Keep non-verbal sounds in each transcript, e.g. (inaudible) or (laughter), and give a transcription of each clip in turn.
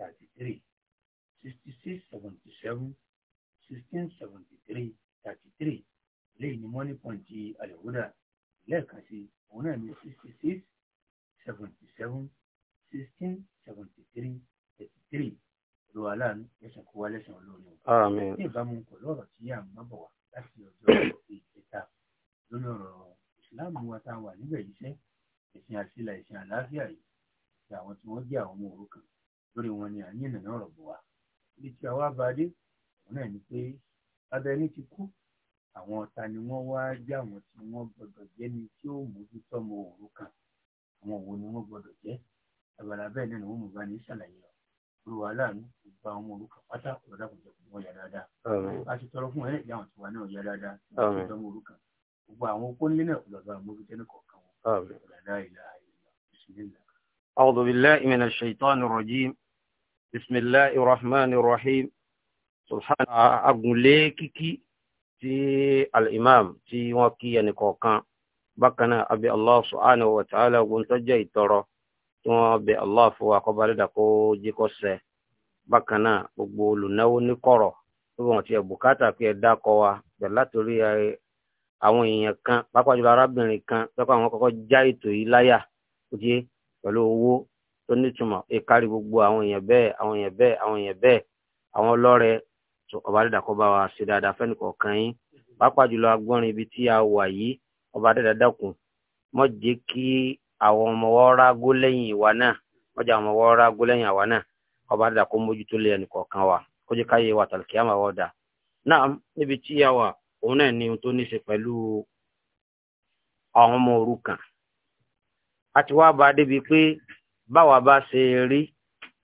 33, 6677, 1673, 33. Lẹ́yìn ní Money Point Àlẹ́wúdà lẹ́ẹ̀kan sí òun náà ní 66, 77, 1673, 33. Lo aláàánú lẹ́sàn kó wá lẹ́sàn olóore o. Àmín. Ní ìbámu pẹ̀lú ọ̀rọ̀ tí yà ń bá bọ̀ wá láti ọjọ́ ìjẹta lórí ọ̀rọ̀ ìsìláàmù wa tá a wà níbẹ̀ yìí sẹ́, ẹ̀sìn àṣìlà ẹ̀sìn àlàáfíà yìí àti àwọn tí wọ́n jẹ́ àwọn ọmọ òrukàn lórí wọn ni àní ìnànà ọ̀rọ̀ bọ̀ wá ibi tí àwa bá dé náà ni pé abẹni ti kú àwọn ọ̀tá ni wọ́n wá jẹ́ àwọn tí wọ́n gbọ́dọ̀ jẹ́ ni tí ó mójútó ọmọ òru kan àwọn òwò ni wọ́n gbọ́dọ̀ jẹ́ abala bẹ́ẹ̀ náà ni wọ́n mú bá ní ṣàlàyé rẹ̀ olùwà aláàánú gba ọmọ òru kan pátá ọ̀dà kò jẹ́ kó wọ́n yà dáadáa a ti tọrọ fún ẹ̀ bisimilahi rahman rahim subhan agunlé kíkí ti al-imam tí wọ́n kí ẹnì kọ̀ọ̀kan bákan náà abi allah subhanahu wa ta'ala ogun tó jẹ́ ìtọrọ tí wọ́n bẹ allah fún wa kọ́ bá dídà kó jí kó sẹ́ bákan náà gbogbo olùnáwó ní kọ̀rọ̀ tó bọ̀ wọ́n ti ẹ̀ bùkátà pé ẹ dákọ̀ wa bẹ̀rẹ̀ látòrí àwọn èèyàn kan pápá jùlọ arábìnrin kan tọ́kọ̀ àwọn kọ́kọ́ já ètò yìí láyà ó jẹ́ pẹ̀lú owó tó nítumọ̀ ìkárí gbogbo àwọn èèyàn bẹ́ẹ̀ àwọn èèyàn bẹ́ẹ̀ àwọn èèyàn bẹ́ẹ̀ àwọn ọlọ́rẹ̀ ọba dẹ́dà bá wa ṣe dáadáa fẹ́ni kọ̀ọ̀kan yín pàápàá jùlọ agbọ́nrin ibi tí a wà yìí ọba dẹ́dà dákun mọ́ jẹ́ kí àwọn ọmọ wa rágó lẹ́yìn ìwà náà mọ́ jẹ́ àwọn ọmọ wa rágó lẹ́yìn àwa náà ọba dẹ́dà kó mójútó lé ẹnì kọ̀ọ̀kan wa kó jẹ́ káyé wa tàlùkì àmà wa dà náà níbi tí a wà òun náà ní ohun tó ní í ṣe pẹ̀lú àwọn ọmọ òrukàn a wá bá débi pé báwa bá ṣe rí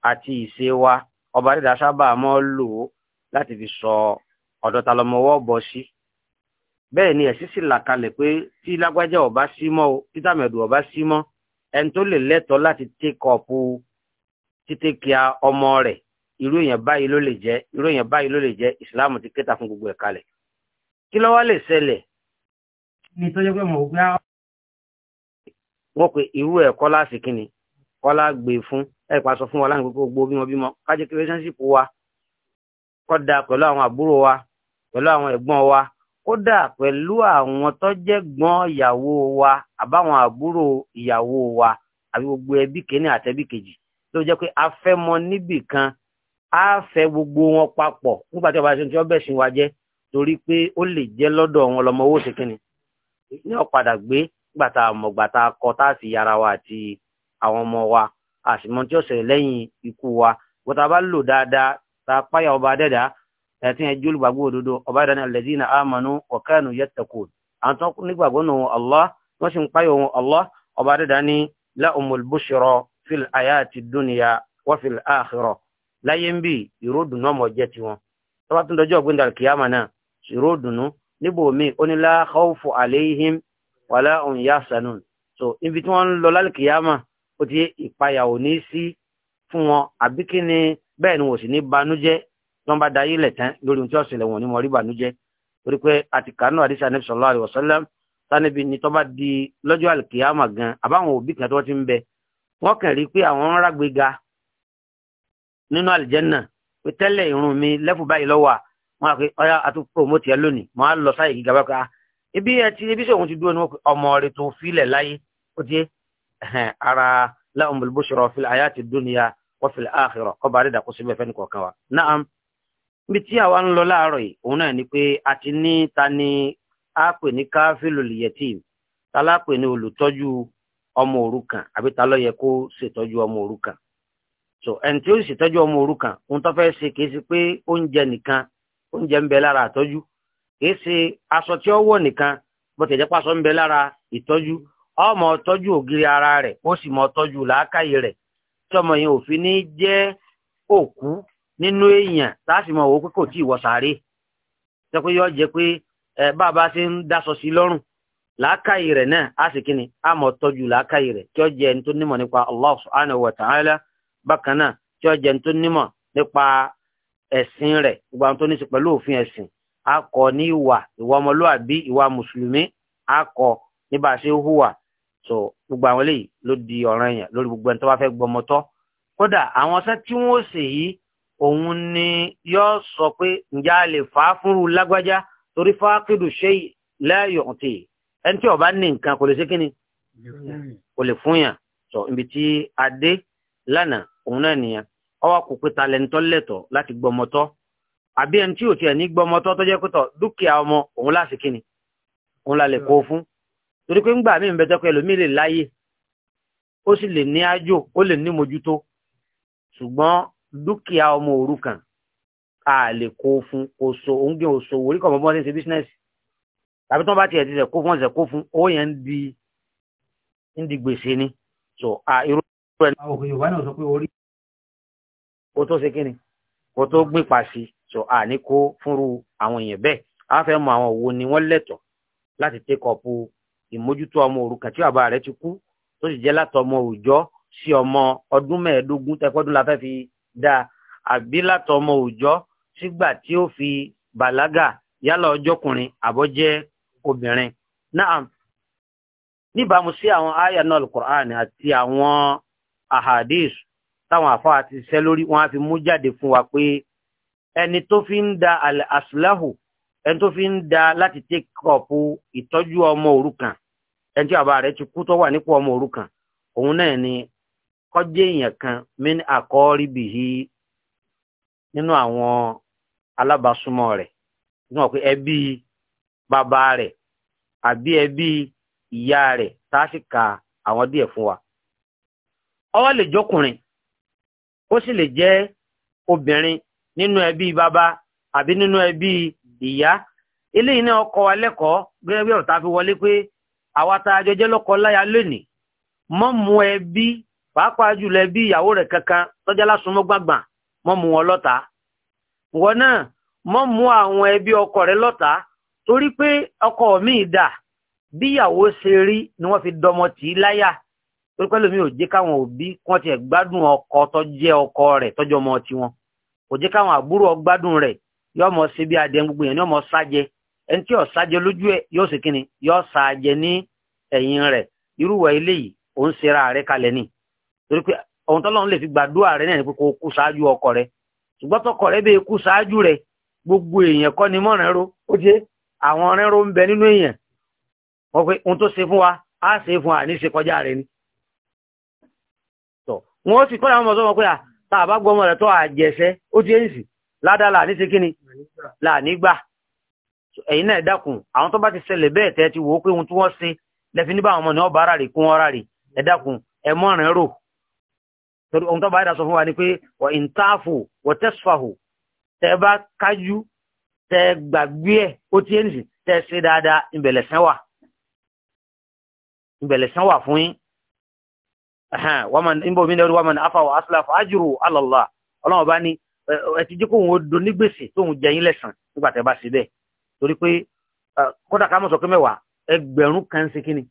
àti ìṣe wa ọba dídá sábà máa ń lò ó láti fi sọ ọ̀dọ́ta lọmọwọ́ bọ̀ sí bẹ́ẹ̀ ni ẹ̀sìn sì là kalẹ̀ pé tí lágbájá ọba sí mọ́ o tí tàmẹ̀dù ọba sí mọ́ ẹni tó lè lẹ́tọ̀ọ́ láti take up títí kíá ọmọ rẹ̀ irú èèyàn báyìí ló lè jẹ́ irú èèyàn báyìí ló lè jẹ́ ìsìláàmù ti kéta fún gbogbo ẹ̀ kalẹ̀ kí ló wá lè ṣẹlẹ̀. ní tó pé mo gbá. wọ́n pe irú ẹ̀kọ́ láti kí ni kọ́lá gbé fún ẹ̀ pàṣọ fún wa láti gbogbo bímọ bímọ kájẹ kí relationship wa kódà pẹ̀lú àwọn àbúrò wa pẹ̀lú àwọn ẹ̀gbọ́n wa kódà pẹ̀lú àwọn tó jẹ́ gbọ́n ìyàwó wa àbáwọn àbúrò ìyàwó wa àbí gbogbo ẹbí kìíní àtẹbí kejì tó jẹ́ pé afẹ́mọ níbì kan á fẹ́ gbogbo wọn papọ̀ nígbà tí ọba ṣe ti ọbẹ̀ sìn wa jẹ́ torí pé ó lè jẹ́ lọ́dọ̀ wọn lọmọ owó ṣe kínni ní ọ̀padà gbé gbàtà mọ̀gbàtà kọ tá a sì yára wa àti àwọn ọmọ wa àṣìmọ́ tí ó ṣẹlẹ̀ lẹ́yìn ikú wa wọ́n ta bá lò dáadáa ta páyà ọba dẹ́dà ẹ̀tún ẹjọ́ olùgbàgbọ́ òdodo ọba ìdáná alladhina amanu wa kanu yattaqun àwọn tó nígbàgbọ́ nù Allah wọ́n sì ń páyà ohun Allah ọba dẹ́dà ní lahumul bushra fil hayati dunya wa fil akhirah láyé ń bì ìró dùnú ọmọ jẹ́ tiwọn tó bá tún dọjọ́ ọ̀gbìn dàlkìyàmà náà ìró dùnú níbo mi ó ní la khawfu alayhim wala hum yahzanun so ibi tí ó ti ìpayà ò ní sí fún wọn àbí kí ni bẹ́ẹ̀ ni wò sí ní banújẹ́ tí wọ́n bá da ayé lẹ̀ tán lórí ohun tí wọ́n ṣẹlẹ̀ wọ̀n ní mọ̀rí banújẹ́ torí pé àti kànú àdìsá ní sallallahu alaihi wasallam tánibí ni tó bá di lọ́jọ́ àlùkìyàmà gan àbáwọn òbí kan tó ti ń bẹ wọ́n kàn rí pé àwọn ń rágbéga nínú àlìjẹ́nà pé tẹ́lẹ̀ irun mi lẹ́fù báyìí lọ́wọ́ à wọn àpè ọyá àti promote ẹ lónìí màá lọ sáyè gíga bá ká ebi ah, ẹ ti ebi sọ òun ti dúró ní ọmọ rẹ tó filẹ̀ láyé ó ti ara lahumul bushra fil hayati dunya wa fil akhirah ọba àrídà kó síbẹ̀ fẹ́ni kọ̀ọ̀kan wa. naam níbi tí àwa ń lọ láàárọ̀ yìí òun náà ni pé a ti ní ta ni a yatim ta la pè ní olùtọ́jú ọmọ òrukàn àbí ta ló yẹ kó ṣètọ́jú ọmọ òrukàn so ẹni tí ó sì tọ́jú ọmọ òrukàn ohun tó fẹ́ ṣe kìí ṣe pé oúnjẹ nìkan oúnjẹ ń bẹ lára àtọ́jú kìí ṣe aṣọ tí ó wọ̀ nìkan bó tẹ̀jẹ́ pàṣọ ń bẹ lára ìtọ́jú ọmọ tọ́jú ògiri ara rẹ̀ ó sì mọ tọ́jú làákàyè rẹ̀ tọmọ yẹn ò fi ní jẹ́ òkú nínú èèyàn láti mọ òwò pé kò tí ì wọ sàárè pé yọ jẹ pé bàbá ti ń dáṣọ sí lọ́rùn làákàyè rẹ̀ náà á sì kíni á mọ tọ́jú làákàyè rẹ̀ tí ó jẹ ẹni tó nímọ̀ nípa Allah subhanahu wa ta'ala bákan náà tí ó jẹ ẹni tó nímọ̀ nípa ẹ̀sìn rẹ̀ gbogbo àwọn tó ní sí pẹ̀lú òfin ẹ̀sìn á so gbogbo àwọn eléyìí ló di ọ̀ràn èèyàn lórí gbogbo ẹni tó bá fẹ́ gbọmọ tọ́ kódà àwọn ọ̀sán tí wọ́n ṣe yìí òun ni yóò sọ pé ǹjẹ́ a lè fà á fúnru lágbájá torí fákìdù ṣe lẹ́yọ̀ tí ẹni tí ó bá ní nǹkan kò lè ṣe kí ni kò lè fún yàn sọ ibi tí a dé lánàá òun náà nìyẹn ọwọ́ kò pé talẹ̀ntọ́ lẹ́tọ̀ láti gbọmọtọ́ àbí ẹni tí ò tiẹ̀ ní gbọmọtọ́ tó jẹ́ pẹ́tọ̀ dúkìá ọmọ òun láti kí ni òun la lè kó fún torí pé ńgbà mí ń bẹ́tọ́ pé ẹlòmíì lè láyè ó sì lè ní ájò ó lè ní mojútó ṣùgbọ́n dúkìá ọmọ òrukàn a lè kó fún oṣù oúnjẹ oṣù orí kọ̀ọ̀mọ́ bọ́n ṣe bísínẹ́sì tàbí tí wọ́n bá tiẹ̀ ti ṣẹ̀ kó fún ọ̀sẹ̀ kó fún owó yẹn ń di gbèsè ni so a irú rẹ̀ ní. àwọn òkè yorùbá náà sọ pé orí. o tó ṣe kíni o tó gbé pàṣẹ so a ní kó fúnru àwọn èèyàn bẹ́ẹ̀ a fẹ́ mọ àwọn òwò ni wọ́n lẹ́tọ̀ọ́ láti take up ìmójútó ọmọ òrukàn tí bàbá rẹ̀ ti kú tó sì jẹ́ látọ̀ ọmọ òòjọ́ sí ọmọ ọdún mẹ́ẹ̀ẹ́dógún tẹ́kọ́dún la fẹ́ fi dá àbí látọ̀ ọmọ òòjọ́ sígbà tí ó fi bàlágà yálà ọjọ́kùnrin àbọ́jẹ́ obìnrin náà níbàámu sí àwọn àyà náà alukur'an àti àwọn ahadis táwọn àfa àti iṣẹ́ lórí wọn á fi mú jáde fún wa pé ẹni tó fi ń da al-aslahu ẹni tó fi ń da láti take up ìtọ́jú ọmọ òrukàn ẹni tí bàbá rẹ̀ ti kú tó wà nípò ọmọ òrukàn òun náà ni kọjá èèyàn kan min àkọ́rìbìhí nínú àwọn alábàásùmọ̀ rẹ̀ nínú ọ̀pẹ ẹbí bàbá rẹ̀ àbí ẹbí ìyá rẹ̀ tá a sì ka àwọn díẹ̀ fún wa. ọwọ́ lè jọkùnrin ó sì lè jẹ́ obìnrin nínú ẹbí bàbá àbí nínú ẹbí ìyá eléyìí náà kọ́ wa lẹ́kọ̀ọ́ gẹ́gẹ́ bí ọ̀rọ̀ tá a fi wọlé pé àwa tá a jọjẹ́ lọ́kọ láya lónìí mọ́ mú ẹbí pàápàá jùlọ ẹbí ìyàwó rẹ̀ kankan tọ́jà lásùnmọ́ gbàgbà mọ́ mú wọn lọ́ta wọn náà mọ́ mú àwọn ẹbí ọkọ rẹ̀ lọ́ta torí pé ọkọ mi dà bíyàwó ṣe rí ni wọ́n fi dọmọ tì í láyà torí pé lómi ò jẹ́ káwọn òbí wọ́n ti gbádùn ọkọ tó ọkọ rẹ̀ tọ́jọ́ ọmọ tiwọn kò jẹ́ káwọn àbúrò ọgbádùn rẹ̀ yóò mọ̀ se bí adé gbogbo yẹn yóò mọ̀ sájẹ yóò sájẹ lójú ẹ yóò kíni yóò sájẹ ní ẹ̀yìn rẹ̀ irúwọ̀ eléyìí òun ṣera rẹ̀ kalẹ̀ ni torí pé ohun lè fi gbàdúrà ààrẹ náà ni pé kò kú ṣáájú ọkọ ṣùgbọ́n tọkọ gbogbo èèyàn kọ́ ni ó jẹ́ àwọn ń bẹ nínú èèyàn wọ́n pé ohun tó ṣe fún wa ládàá là ní ṣe kí ni là nígbà ẹ̀yin náà dákun àwọn tó bá ti ṣẹlẹ̀ bẹ́ẹ̀ tẹ́ ti wò ó pé ohun tí wọ́n ṣe lẹ́fi níbà àwọn ọmọ ni wọ́n bá ara rè kún ọ́ra rè ẹ dákun ẹ mọ́rin rò torí ohun tó bá yàtọ̀ sọ fún wa ni pé wọ́n ń tààfò wọ́n tẹ́sùfàhò tẹ́ bá kájú tẹ́ gbàgbé ẹ̀ ó ti tẹ́ ṣe dáadáa wà wà fún yín wọ́n mọ̀ níbo mi wọ́n mọ̀ ní alọ́lá ní ẹ ti jí kóhun ó do ní gbèsè tóhun jẹ yín lẹ́sàn nígbà tẹ́ bá sí bẹ́ẹ̀ torí pé kódà ká mọ̀ sọ pé mẹ́wàá ẹgbẹ̀rún kan sí kíni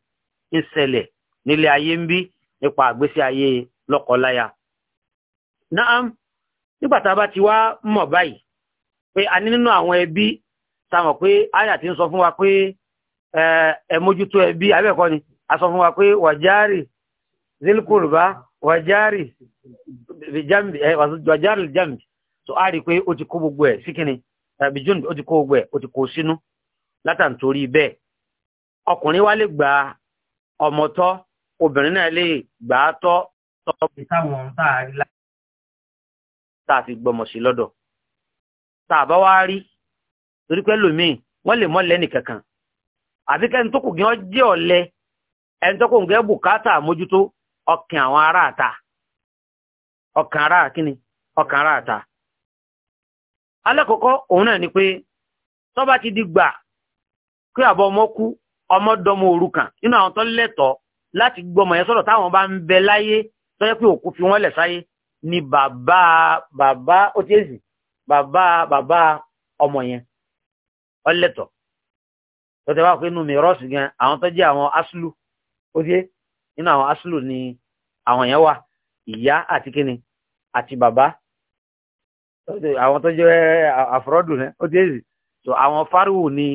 ń ṣẹlẹ̀ nílé ayé ń bí nípa àgbésí ayé lọ́kọláya. Naam nígbà tá a bá ti wá mọ̀ báyìí pé a ní nínú àwọn ẹbí ta mọ̀ pé àyà ti ń sọ fún wa pé ẹ mójútó ẹbí abẹ́ẹ̀kọ́ ni a sọ fún wa pé wàjárì zilkurba wàjárì jambi so a rí i gbogbo ẹ̀ sí kíni tàbí eh, june ó ti kó gbogbo ẹ̀ ó ti bẹ́ẹ̀ ọkùnrin wa lè gba ọmọ tọ́ obìnrin náà lè gbà á tọ́ tọ́ bí táwọn tá a fi gbọmọ sí lọ́dọ̀ tá a bá wá rí torí pé lómi wọ́n lè mọ́ lẹ́nì àti kẹ́ni tó kù gí wọ́n jẹ́ ọ̀lẹ ẹni tó alákọ̀ọ́kọ́ òun náà ni pé tó bá ti di gbà pé àbọ̀ ọmọ kú ọmọ dọmọ òrukàn nínú àwọn tó lẹ́tọ̀ọ́ láti gbọmọ yẹn sọ̀rọ̀ táwọn bá ń bẹ láyé tó yẹ pé òkú fi wọ́n lẹ̀ sáyé ni bàbá bàbá ó ti èsì bàbá bàbá ọmọ yẹn ọlẹ́tọ̀ọ́ tó tẹ́ wá pé inú mi rọ́ọ̀sì gan àwọn tó jẹ́ àwọn aslu ó ti nínú àwọn aslu ni àwọn yẹn wà ìyá àti kíni àti bàbá àwọn tó jẹ́ àfọ́rọ́dù náà ó ti èsì so àwọn fáríwù ni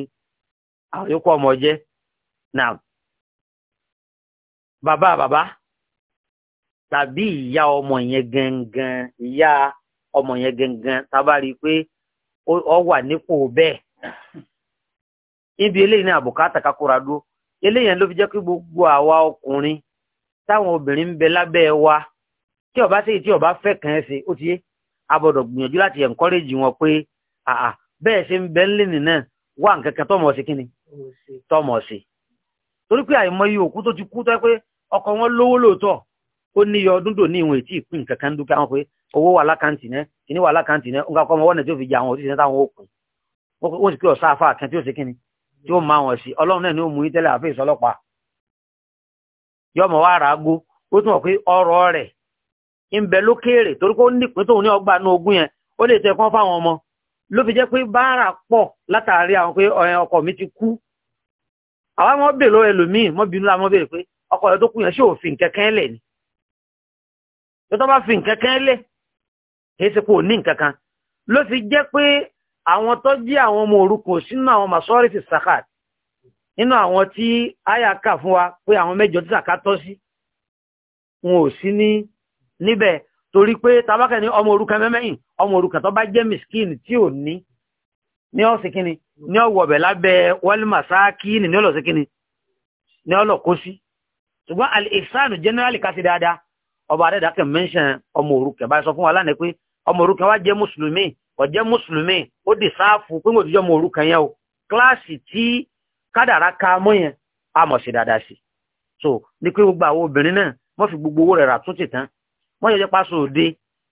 àwọn yòókù ọmọ jẹ́ náà bàbá bàbá tàbí ìyá ọmọ yẹn gangan ìyá ọmọ yẹn gangan tábà rí pé ó wà nípò bẹ́ẹ̀ Ibi eléyìí ní àbùkátà kakura dúró eléyìí ló fi jẹ́ kí gbogbo àwa ọkùnrin táwọn obìnrin ń bẹ lábẹ́ wa tí ó bá ṣèyí tí ó bá fẹ́ kàn ẹ́ sí ó ti yé abọ̀dọ̀ gbìyànjú láti encourage wọn pé àà bẹ́ẹ̀ ṣe ń bẹ́ ńlẹ̀ nìyẹn wà nǹkan kan tọmọ sí kíni tọmọ sí torí pé àìmọye òkú tó ti kú tó pé ọkọ wọn lówó lóòótọ́ ó ní yọ ọdún dòní ìwọ̀n ètí ìpín nǹkan kan dúkìá wọn pé owó wà lákàntì náà kíní wà lákàntì náà nǹkan wọn tí ó fi jẹ àwọn òṣìṣẹ́ táwọn òkun ó sì pé ọ̀sá afá kan tí ó ṣe kíni tí ó máa wọn sí ọlọ́run náà ni ó mú yín tẹ́lẹ̀ àfẹ́ ìsọlọ́pàá yọmọ wa ràágó ó tún wọ̀ pé ọrọ̀ rẹ̀ ń bẹ lókèèrè torí pé ó nípín tóun ní ọgbà ní ogún yẹn ó lè tẹ kán fáwọn ọmọ ló fi jẹ́ pé báárà pọ̀ látàrí àwọn pé eh, ọkọ mi ti kú àwọn ọmọ bèèrè lọ́wọ́ ẹlòmíì mọ́ bínú la mọ́ bèèrè pé ọkọ rẹ̀ tó kú yẹn ṣé ò fi nǹkan kan lẹ̀ ni tó tọ́ bá fi nǹkan kan lẹ̀ kì í ṣe pé ò ní nǹkan ló fi jẹ́ pé àwọn tó jí àwọn ọmọ òrukàn sínú àwọn masọ́rì ti sàkàt nínú àwọn tí àyà kà fún wa pé àwọn mẹ́jọ tí sàkàt tọ́ sí wọn ò sí ní níbẹ̀ torí pé tabakẹ́ ní ọmọ òrukàn mẹ́mẹ́yìn ọmọ òrukàn tó bá jẹ́ miskin tí ò ní ní ọ̀sìn kíni ní ọ̀wọ̀bẹ̀ lábẹ́ wọ́límà sáàkíní ní ọlọ́sìn kíni ní ọlọ́kó sí ṣùgbọ́n al-ihsanu generally kásí dáadáa ọba adẹ́dà kẹ́ ọmọ òrukàn wa lánàá pé ọmọ òrukàn wá jẹ́ mùsùlùmí ó jẹ́ mùsùlùmí ó so ní pé gbogbo àwọn obìnrin náà wọ́n fi wọ́n yóò jẹ́ pásọ òde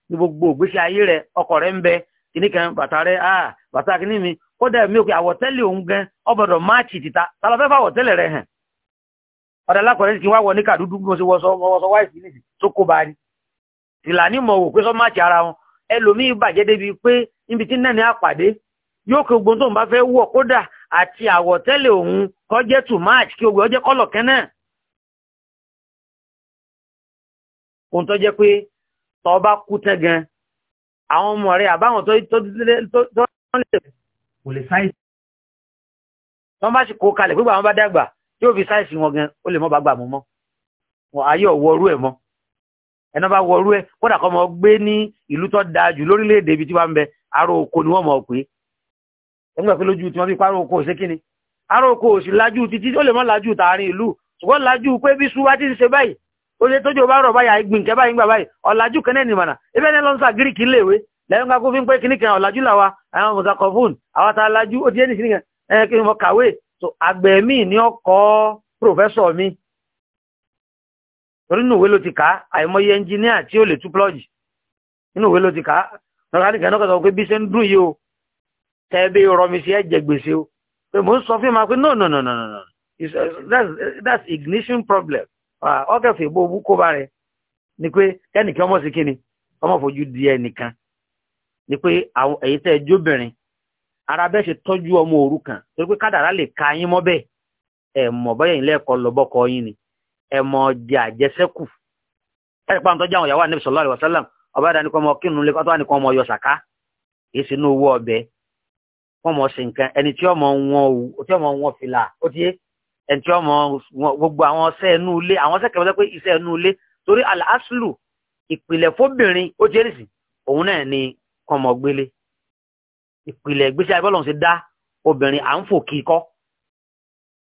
ní gbogbo ògbésí ayé rẹ ọkọ rẹ ń bẹ kíní kan bàtà rẹ̀ a bàtà kíní mi kódà mi ò pé àwọ̀tẹ́lẹ̀ òun gan ọbọ̀dọ̀ máàcì tìta tàbí fẹ́ fàwọ̀tẹ́lẹ̀ rẹ̀ hàn ọ̀dà alákọ̀ọ́rẹ́ ti wá wọ ní kàdúdú bí mo ṣe wọṣọ wáìsì nìsí tó kó bá ní mọ̀ wò pé sọ máàcì ara wọn ẹlòmíì bàjẹ́ débi pé tí náà ní àpàdé yóò kí ogun tóun bá fẹ́ kódà àti àwọ̀tẹ́lẹ̀ òun tù máàcì kí ogun ọjẹ́ kọ́lọ̀ ohun tó jẹ́ pé tọ́ bá kú tán gan àwọn ọmọ rẹ̀ àbáwọn tó lè kò lè sáìsì wọ́n bá sì kó kalẹ̀ pípa àwọn bá dàgbà tí ó fi sáìsì wọn gan ó lè mọ́ bá gbà mú mọ́ wọn ayé ọ̀wọ́rú ẹ̀ mọ́ ẹ̀nà bá wọrú ẹ̀ kódà kọ́ mọ́ gbé ní ìlú tó dáa jù lórílẹ̀‐èdè ibi tí wọ́n ń bẹ aró oko ni wọ́n mọ̀ pé wọ́n pé lójú tí wọ́n fi parọ́ oko ṣé kíni aró oko ò sì lajú títí ó lè mọ́ lajú tààrin ìlú ṣùgbọ́n lajú pé bí sú ti ń ṣe báyìí oye tójú bá rọ̀ báyà gbìn kẹ́ báyìí gbà báyìí ọ̀làjú kan náà ní ìmọ̀nà ibẹ̀ ní lọ́nà gíríkì léwe lẹ́yìn kakú fi ń pé kíní kan ọ̀làjú làwa àwọn mùsàkọ̀fún àwọn tá a lajú ó ti yé ní kíní kan ẹ̀ mo kàwé so àgbẹ̀ mi ní ọkọ̀ pòfẹ́sọ̀ mi torí inú ìwé ló ti kà á àìmọye ẹnjìníà tí ó lè tú plọ́ọ̀jì inú ìwé ló ti kà á mẹkáníkì náà kọ̀tọ̀ pé bí ṣe ń dùn yìí no no no no no uh, that's uh, that's ignition problem Ah, ọkẹfẹ ìbò owó kó bá rẹ ni pé kẹnìkan ọmọ sí kíni ọmọ fojú di ẹnìkan ni pé àwọn èyí tẹ jóbìnrin ara bẹ́ẹ̀ ṣe tọ́jú ọmọ òrukàn torí pé kádàrá lè ka yín mọ́ bẹ́ẹ̀ ẹ mọ̀ bọ́yẹ̀ ilé ẹ̀kọ́ lọ́bọ́kọ yín ni ẹ mọ̀ di àjẹsẹ́kù ẹ̀sìn pàǹtọ́ jẹ́ àwọn ìyàwó àníbi sallallahu alaihi wasallam ọba ẹ̀dá nìkan ọmọ kírun lé kọ́tọ́ nìkan ọmọ yọ̀sàká èyí sì ní owó ọbẹ̀ wọ́n mọ̀ sí nǹkan ẹni tí ọmọ wọn fìlà ó ti ẹnití ọmọ gbogbo àwọn ọsẹ ẹnu ilé àwọn ọsẹ kẹfẹ pé iṣẹ́ ẹnu ilé torí al-aslu ìpìlẹ̀ fóbìnrin ó jẹrìsì òun náà ni kọmọgbélé ìpìlẹ̀ gbèsè àìbọ́lọ̀ ṣe dá obìnrin à ń fò kíkọ́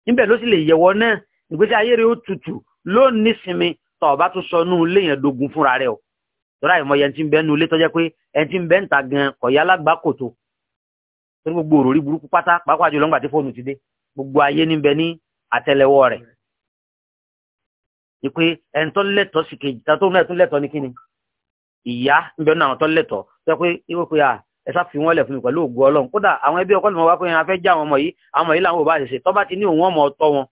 níbẹ̀ ló sì lè yẹ̀wọ́ náà ìgbésí ayé rẹ̀ ó tutù ló ní sinmi tó o bá tún sọ nú ilé yẹn dogun fúnra rẹ̀ o tọ́lá ìmọ̀ yẹn ti ń bẹ nú ilé tó jẹ́ pé ẹni ti ń bẹ ń ta gan ọ̀yá alágbá kòtò tó ní gbogbo òròrí burúkú pátá pàápàá jùlọ ńgbà tí fóònù ti dé gbogbo ayé níbẹ̀ ní àtẹ́lẹwọ́ rẹ̀ ìpè ẹni tó lẹ́tọ̀ọ́ sí kejì tó náà tó lẹ́tọ̀ọ́ ní kíni ìyá níbẹ̀ náà tó lẹ́tọ̀ọ́ tó pé ìwé pé à ẹ sá fi wọn lẹ̀ fún mi pẹ̀lú ògùn ọlọ́run kódà àwọn ẹbí ọkọ lọ́mọ wá pé a fẹ́ já àwọn ọmọ yìí àwọn ọmọ yìí làwọn ò bá ṣẹṣẹ tó bá ti ní òun ọmọ ọtọ wọn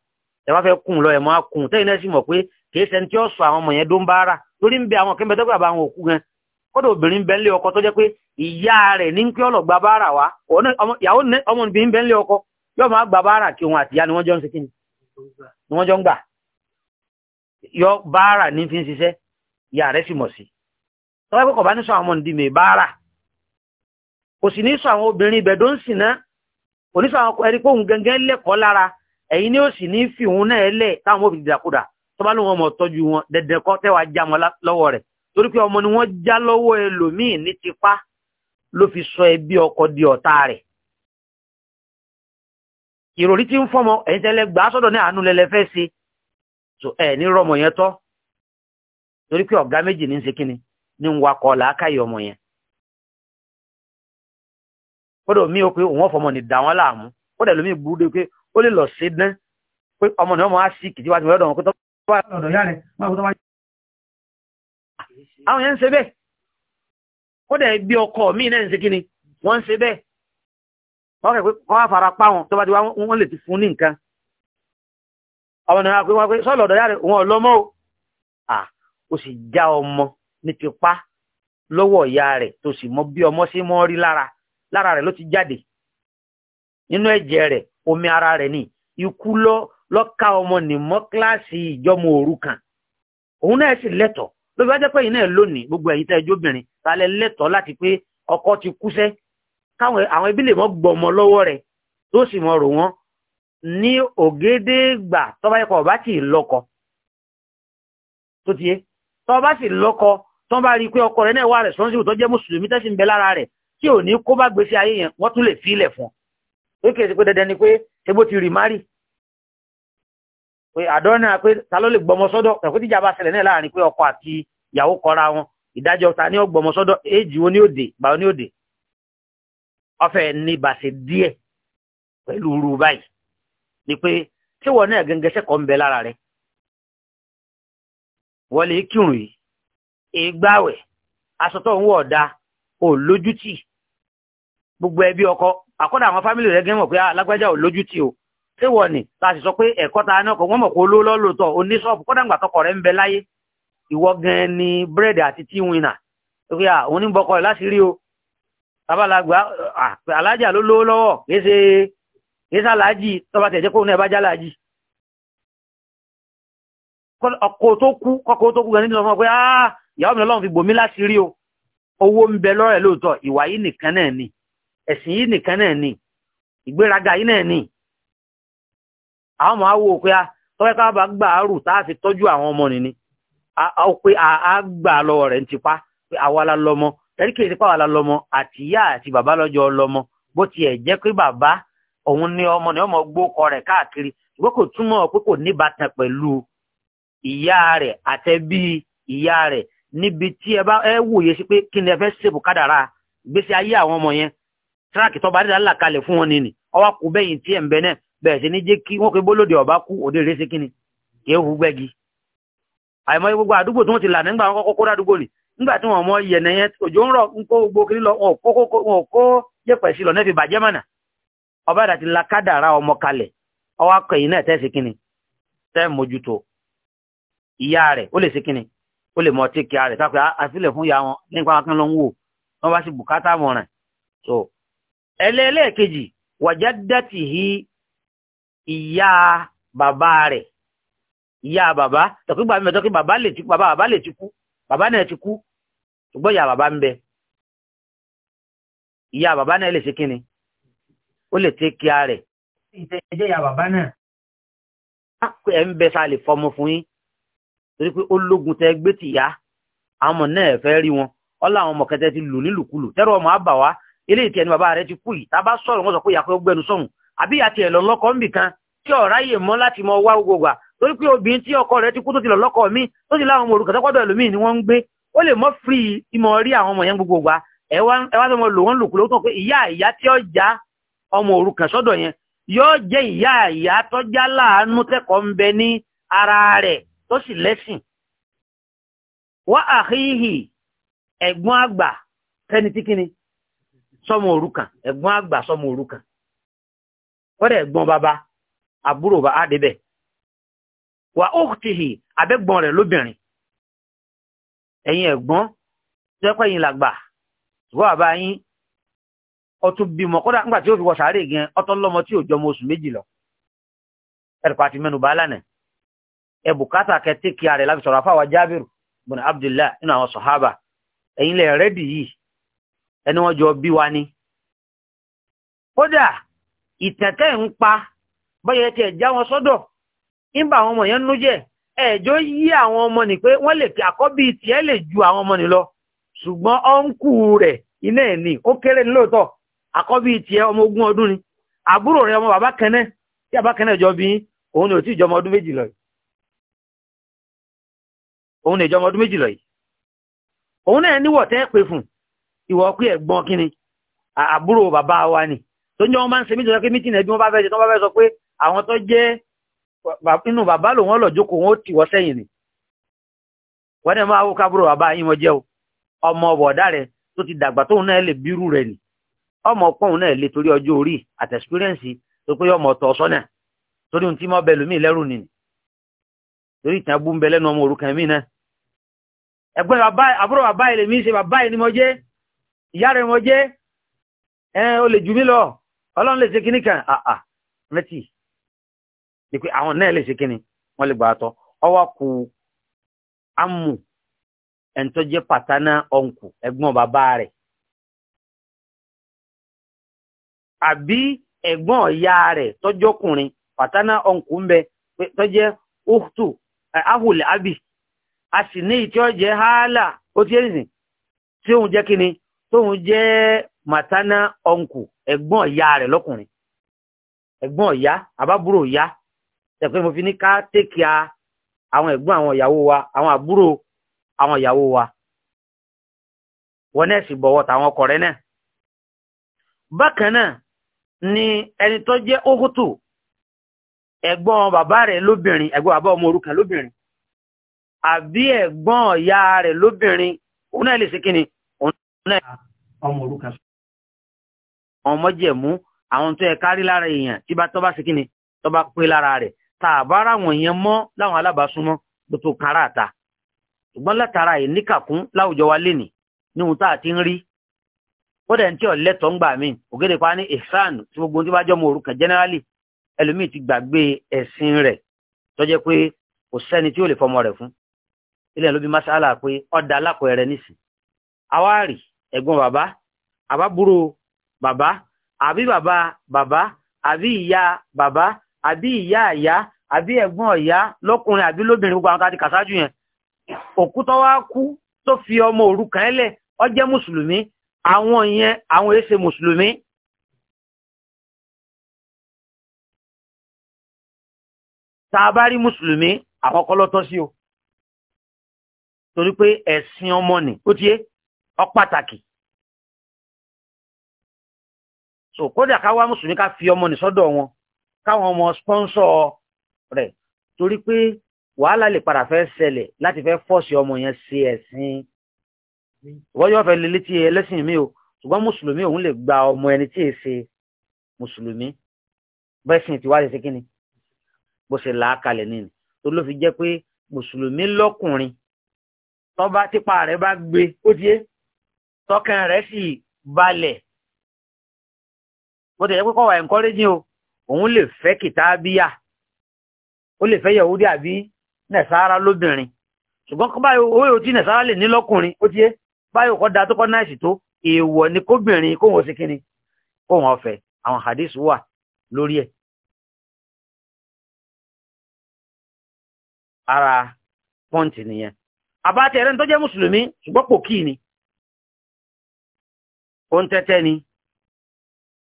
ẹ bá fẹ́ kùn lọ máa àwọn ọmọ yẹn dó ń bá rà ń bẹ àwọn ọkọ tó pé ìyá ní jọ ń ṣe ni wọ́n jọ ń gbà yọ báárà ní fi ń ṣiṣẹ́ ìyá rẹ̀ sì mọ̀ sí tọ́wọ́ pé kọ̀bá ní sọ àwọn ọmọ ìdí mẹ́ báárà kò sì ní sọ àwọn obìnrin ibẹ̀ tó ń sìn náà kò ní sọ àwọn ẹni pé òun gẹ́gẹ́ lẹ́kọ̀ọ́ lára ẹ̀yin ni ó sì ní fi òun náà lẹ̀ táwọn òbí dìdàkudà tó bá lóun ọmọ tọ́jú wọn dẹ̀dẹ̀ kọ́ tẹ́wàá já wọn lọ́wọ́ rẹ̀ torí pé ọmọ ni wọ́n já lọ́wọ́ ẹlòmíì ní tipá ló fi sọ ẹbí ọkọ di ọ̀tá rẹ̀ ìròrí tí ń fọ́mọ ẹ̀yìn tẹ́lẹ̀ gbà sọ́dọ̀ ní àánú lẹ́lẹ́ fẹ́ sí so ẹ̀ ní rọmọ yẹn tọ́ torí pé ọ̀gá méjì ní ń ṣe kíni ní ń wakọ̀ làákàyè ọmọ yẹn kódò mí o pé òun ọ̀fọ̀mọ ní dà wọ́n láàmú ó dẹ̀ lómi burú de pé ó lè lọ sí dán pé ọmọ ní ọmọ á sí kìtì wá ti wọn kó tọ́ àwọn yẹn ń ṣe bẹ́ẹ̀ kódà bí ọkọ mi náà ń ṣe kíni wọ́n ń ṣe bẹ́ẹ̀ wọ́n kẹ́ pé wọ́n á fara pa wọn tó bá ti wá wọ́n lè ti fún ní nǹkan àwọn ènìyàn pé wọ́n pé sọ́ọ̀lọ̀ ọ̀dọ̀ yára wọn ọlọ́mọ o à ó sì já ọmọ ní tipa lọ́wọ́ ìyá rẹ̀ tó sì mọ bí ọmọ sí mọ́ rí lára lára rẹ̀ ló ti jáde nínú ẹ̀jẹ̀ rẹ̀ omi ara rẹ̀ ni ikú lọ lọ́ka ọmọ nìmọ́ kíláàsì ìjọmọ òru kan òun náà sì lẹ́tọ̀ọ́ ló fi pé yìí náà lónìí gbogbo káwọn àwọn ẹbí lè mọ́ gbọmọ lọ́wọ́ rẹ̀ tó sì mọ̀ rò wọ́n ní ògédégbà tọ́ba ẹ̀kọ́ ọba sì lọ́kọ tó ti yé tọ́ba sì lọ́kọ tó bá rí i pé ọkọ rẹ̀ náà wà responsible tó jẹ́ mùsùlùmí tẹ́sí ń bẹ lára rẹ̀ tí ò ní kó bá gbèsè ayé yẹn wọ́n tún lè fílẹ̀ fún un pé kìí ṣe pé dandan ni pé ṣé bó ti rì márì pé àdọ́ náà pé ta ló lè gbọmọ sọ́dọ̀ ẹ̀kú tíjà bá ṣẹlẹ̀ náà láàrin pé ọkọ àti ìyàwó kọra wọn ìdájọ́ ta ni ó gbọmọ sọ́dọ̀ éèjì wo ni ó dé báwo ni ó dé ọfẹ ní bàṣẹ díẹ̀ pẹ̀lú rú báyìí ni pé tí wọn náà gẹ́gẹ́ sẹkọọ ń bẹ lára rẹ̀ wọlé kírun yìí ìgbàwẹ̀ aṣọ tó ń wọ ọdá ò lójútì gbogbo ẹbí ọkọ àkọ́dà àwọn fámìlì rẹ̀ gẹ́gẹ́ mọ̀ pé alágbájá ò lójútì o tí wọ́n ní láti sọ pé ẹ̀kọ́ ta náà kọ̀ wọ́n mọ̀ kó ló lọ́lọ́tọ̀ oníṣọ́ọ̀bù kọ́dà ńgbà tọkọ̀ rẹ̀ ń bẹ láyé ìwọ gan ni búrẹ́dì àti tíwìnà pé àwọn oníbọkọ rẹ̀ láti rí o babalagba alájà ló lówó lọ́wọ́ kése kése alájì tọ́ba tẹ̀jẹ́ kó náà bá já alájì ọkọ̀ tó kú kọ́kọ́ tó kú gan ní lọ́mọ pé áá ìyàwó mi lọ́lọ́run fi bòmí láti rí o owó ń bẹ lọ́rẹ̀ lóòótọ́ ìwà yìí nìkan náà ni ẹ̀sìn yìí nìkan náà ni ìgbéraga yìí náà ni àwọn ọmọ awo pé tọ́wẹ́ ká bá gbà á rù tá a fi tọ́jú àwọn ọmọ nìní ó pé a gbà lọ́wọ́ rẹ̀ ń tipa pé àwa la lọ́mọ tẹ́lí kìí sípà wà lá lọ́mọ àtìyá àti bàbá lọ́jọ́ lọ́mọ bó tiẹ̀ jẹ́ pé bàbá òun ni ọmọ ni ọmọ gbó kọ rẹ̀ káàkiri ṣùgbọ́n kò túmọ̀ pé kò níbàtàn pẹ̀lú ìyá rẹ̀ àtẹ̀bí ìyá rẹ̀ níbi tí ẹ bá ẹ wòye sí pé kí ni ẹ fẹ́ ṣèbù kádàrá gbèsè ayé àwọn ọmọ yẹn tíráàkì tó dídá ńlá kalẹ̀ fún wọn ni nì ọwọ́ kù bẹ́yìn tí ẹ̀ ń bẹ náà bẹ̀rẹ̀ sí ní jẹ́ kí wọ́n pe bólódì ọ̀bá kú òde rẹ̀ sí kíni kì í hu gbẹ́gi àìmọ́ gbogbo àdúgbò tí wọ́n ti là nígbà wọn kọ́kọ́ kó dádúgbò nì nígbà tí wọ́n mọ yẹ̀nà yẹn òjò ń rọ̀ ń kó gbogbo kiri lọ wọn ò kó yẹ̀pẹ̀ sí lọ nẹ́ẹ̀fì bàjẹ́ mọ̀nà ọba àdàtì la kádàrá ọmọ kalẹ̀ ọwọ́ akọ yìí náà tẹ́sí kínni tẹ́ mójútó ìyá rẹ̀ ó lè sí kínni ó lè mọ tí kí a rẹ̀ tápẹ́ fún ìyá wọn nípa wọn kí ló wò wọn bá sì bùkátà mọ̀ràn so ẹlẹ́ẹ̀kejì wàjádàtìhí ìyá bàbá rẹ̀ ìyá bàbá tọ̀kí bàbá lè ti kú bàbá lè ti kú bàbá náà ti kú ṣùgbọ́n ìyá bàbá ń bẹ ìyá bàbá náà lè ṣe kí ni ó lè tẹ́ kí a rẹ̀. ìtẹ́jẹ́ ìyá bàbá náà. a pè ẹ́ ń bẹ sa lè fọmọ fún yín torí pé ológun tẹ gbé ti yá àwọn ọmọ náà fẹ́ rí wọn ọlá àwọn ọmọ kẹtẹ ti lù nílùkulù tẹ́rọ ọmọ àbà wá ilé ìtẹ́ ni bàbá rẹ ti kú yìí tá a bá sọ̀rọ̀ wọn sọ pé ìyá gbẹnu sọ̀hún àbí ìyá tiẹ̀ lọ lọ́kọ̀ ńbì kan tí ọ̀rá yè mọ́ láti mọ wá gbogbo wa torí pé obìnrin tí ọkọ rẹ ti kú tó ti lọ mi tó ti láwọn ọmọ òrukàn tẹ́kọ̀dọ̀ ẹlòmíì ni wọ́n ń gbé ó lè mọ fri ìmọ̀ rí àwọn ọmọ yẹn gbogbo wa ẹ wá tó mọ lò wọ́n lòkúlò tó pé ìyá ìyá tí ó já ọmọ òrukàn je yẹn yóò jẹ́ ìyá ìyá tó já ara rẹ̀ tó sì lẹ́sìn wá àhíhì ẹ̀gbọ́n àgbà fẹ́ni tí kíni sọmọ òrukàn ẹ̀gbọ́n àgbà sọmọ òrukàn wọ́dẹ̀ ẹ̀gbọ́n bàbá àbúrò bá wà ẹ̀yin ẹ̀gbọ́n jẹ́pẹ́ yìí làgbà ṣùgbọ́n bàbá yín ọtún bímọ kódà nígbà tí ó fi wọ sàárè gan ọtọ lọmọ tí ò jọmọ oṣù méjì lọ ẹ̀rùpá ti mẹ́nu bá lánàá ẹ bùkátà kẹtíkì ààrẹ láti sọ̀rọ̀ afáwà jábìrù bùnà abdullahi nínú àwọn sọ̀hábà yìí ẹni wa ni kódà ìtẹ̀kẹ́ ń pa bọ́yẹ̀ tiẹ̀ já wọn sọ́dọ̀ ń bá àwọn ẹ̀jọ́ yí àwọn ọmọ nì pé wọ́n lè kí àkọ́bí tiẹ̀ lè ju àwọn ọmọ nì lọ ṣùgbọ́n ọ́nkù rẹ̀ iná ẹ̀ ní ó kéré ní lóòótọ́ àkọ́bí tiẹ̀ ọmọ ogún ọdún ni àbúrò rẹ̀ ọmọ bàbá kẹnẹ́ tí bàbá kẹnẹ́ jọ bí òun ni ò tí ìjọmọ ọdún méjì lọ yìí òun ni ìjọmọ ọdún méjì lọ yìí òun náà níwọ̀ tẹ́ pé fún ìwọ̀ pé ẹ̀gbọ́n kínni àbúrò bàbá wa ni tó ń jọ wọn máa ń ṣe mí inú bàbá lò wọ́n lọ jókòó wọn ó tì wọ́ sẹ́yìn ni wọ́n dẹ̀ máa wó kábúrò bàbá yín wọ́n jẹ́ o ọmọ ọ̀bọ̀dá rẹ̀ tó ti dàgbà tóun náà lè bírú rẹ̀ ni ọmọ ọpọ́n náà lè torí ọjọ́ orí àti ẹ̀sìpírẹ́ǹsì tó pé ọmọ ọ̀tọ̀ sọ́nà torí ohun tí mọ́ bẹ lómi lẹ́rù nìyí torí ìtàn abú ń bẹ lẹ́nu ọmọ òrukàn mí náà ẹ̀gbọ́n àbúrò bàbá ilẹ̀ mi ṣe bàbá yìí ni mo jẹ́ ìyá rẹ̀ mo jẹ́ ẹ̀ o lè jù mí lọ ọlọ́run lè ṣe kíníkan àà mẹ́tì ni ahụ na-ele lè kini kí atọ lè amụ tọ́ ọwọ́ ọ̀nkù ẹ̀gbọ́n bàbá àbí ẹ̀gbọ́n ya rẹ tọ́jọ́kùnrin pàtánà ọ̀nkù mbẹ bẹ tọ́jẹ́ òkútù eh, ahùlẹ̀ a sì ní ìtọ́jẹ́ hálà ti ẹ̀rìsìn tí òun ti jẹ ọ̀nkù ya tẹ̀pẹ́ mo fi ní ká tẹ́kì á àwọn ẹ̀gbọ́n àwọn ìyàwó wa àwọn àbúrò àwọn ìyàwó wa wọn náà sì bọ̀wọ̀ tàwọn ọkọ náà bákan náà ni ẹni tó jẹ́ ókútù ẹ̀gbọ́n bàbá rẹ̀ lóbìnrin ẹ̀gbọ́n bàbá ọmọ òrukàn lóbìnrin àbí ẹ̀gbọ́n ìyá rẹ̀ lóbìnrin òun náà lè ṣe kí ni òun náà ọmọ òrukàn ọmọ jẹ̀mú àwọn tó yẹ kárí lára èèyàn tí bá tọ́ bá ṣe kí ni tọ́ bá pé lára rẹ̀ tààbára wọn yẹn mọ́ láwọn alábàásúnmọ́ gbogbo kára àta ṣùgbọ́n látara yìí níkàkún láwùjọ wa lè nì ní ohun tá a ti ń rí ó dẹ̀ tí ọ̀lẹ́tọ̀ ń gbà mí ògèdè pa ní ihsan tí gbogbo tí bá jọ́ mọ orúkọ generally ẹlòmíì ti gbàgbé ẹ̀sìn rẹ̀ tó jẹ́ pé kò sẹ́ni tí ó lè fọmọ rẹ̀ fún ilé ẹ̀ ló bí masala pé ọ̀dà alákọ̀ẹ́rẹ́ nìsín awárì ẹ̀gbọ́n bàbá àbábúrò bàbá àbí bàbá bàbá àbí ìyá bàbá àbí ìyá àyá àbí ẹ̀gbọ́n ọ̀yá lọ́kùnrin àbí lóbìnrin gbogbo àwọn tàbí kàṣájú yẹn òkú tó wá kú tó fi ọmọ òrukàn ẹlẹ̀ ó jẹ́ mùsùlùmí àwọn yẹn àwọn èsè mùsùlùmí tàbárí mùsùlùmí àwọn kọlọ́tọ́ sí o torí pé ẹ̀sìn ọmọ nì ó tiẹ̀ ó pàtàkì so kódà ká wá mùsùlùmí ká fi ọmọ nì sọ́dọ̀ wọn káwọn ọmọ spọ́nsọ̀ rẹ̀ torí pé wàhálà lè padà fẹ́ ṣẹlẹ̀ láti fẹ́ fọ́ọ̀sì ọmọ yẹn sí ẹ̀sìn wọ́n yóò fẹ́ lè létí ẹlẹ́sìn mi o ṣùgbọ́n mùsùlùmí òun lè gba ọmọ ẹni tí è ṣe mùsùlùmí bẹ́sìn tí wàá ṣe ṣe kí ni bó ṣe là á kalẹ̀ nínú tó ló fi jẹ́ pé mùsùlùmí lọ́kùnrin tọ́ba tipa rẹ̀ bá gbé ó tiẹ́ tọkàn rẹ̀ sì balẹ̀ bó ti yẹ pé kọ́ wà encouraging o òun lè fẹ́ kìtàbíyà ó lè fẹ́ yahudi àbí nẹ̀sára lóbìnrin ṣùgbọ́n báyìí owó yóò tí nẹ̀sára lè ní lọ́kùnrin ó ti yé báyìí kọ́ da tó kọ́ náà sì tó èèwọ̀ ni kóbìnrin kóhun ó sì kíni kóhun ọ̀fẹ́ àwọn hadith wà lórí ẹ̀ ara pọ́ǹtì nìyẹn àbátẹ̀ ẹ̀rẹ́ni tó jẹ́ mùsùlùmí ṣùgbọ́n pò kí ni ó ń tẹ́tẹ́ ni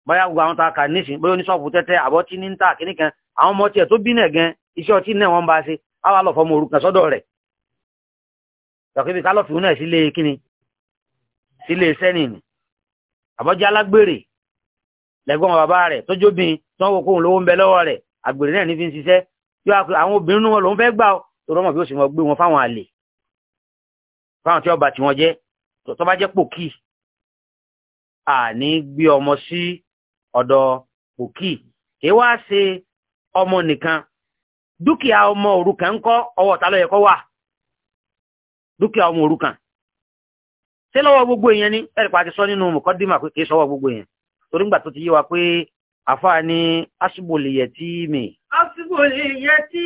báyà gbogbo àwọn ta kà nísìn bóyá oníṣọ́ọ̀fù tẹ́tẹ́ àbọ̀ tí ní ń tà kíní kan àwọn ọmọ tiẹ̀ tó bí náà gan iṣẹ́ ọtí náà wọ́n bá ṣe á wà lọ fọmọ òrukàn sọ́dọ̀ rẹ̀ tọ́kíbi ká lọ́ọ̀fù náà sílé kíni sílé sẹ́nì ni àbọ̀jẹ́ alágbèrè lẹ́gbọ́n bàbá rẹ̀ tójóbìn tí wọ́n wo kóhun lówó ń bẹ lọ́wọ́ rẹ̀ àgbèrè náà ní fi ń ṣiṣẹ́ tí àwọn obìnrin nínú wọn lòún fẹ́ gbà ọdọ pòkì kí wá ṣe ọmọ nìkan dúkìá ọmọ òrukàn ńkọ́ ọwọ ta ló yẹ wà dúkìá ọmọ òrukàn ṣé lọ́wọ́ gbogbo èèyàn ni ẹ̀rì pa ti sọ nínú mọ̀kọ́dímà pé kì í sọ́wọ́ gbogbo èèyàn torí ńgbà tó ti yé wa pé àfa ni asiboli yẹ tí mi. asiboli yẹ tí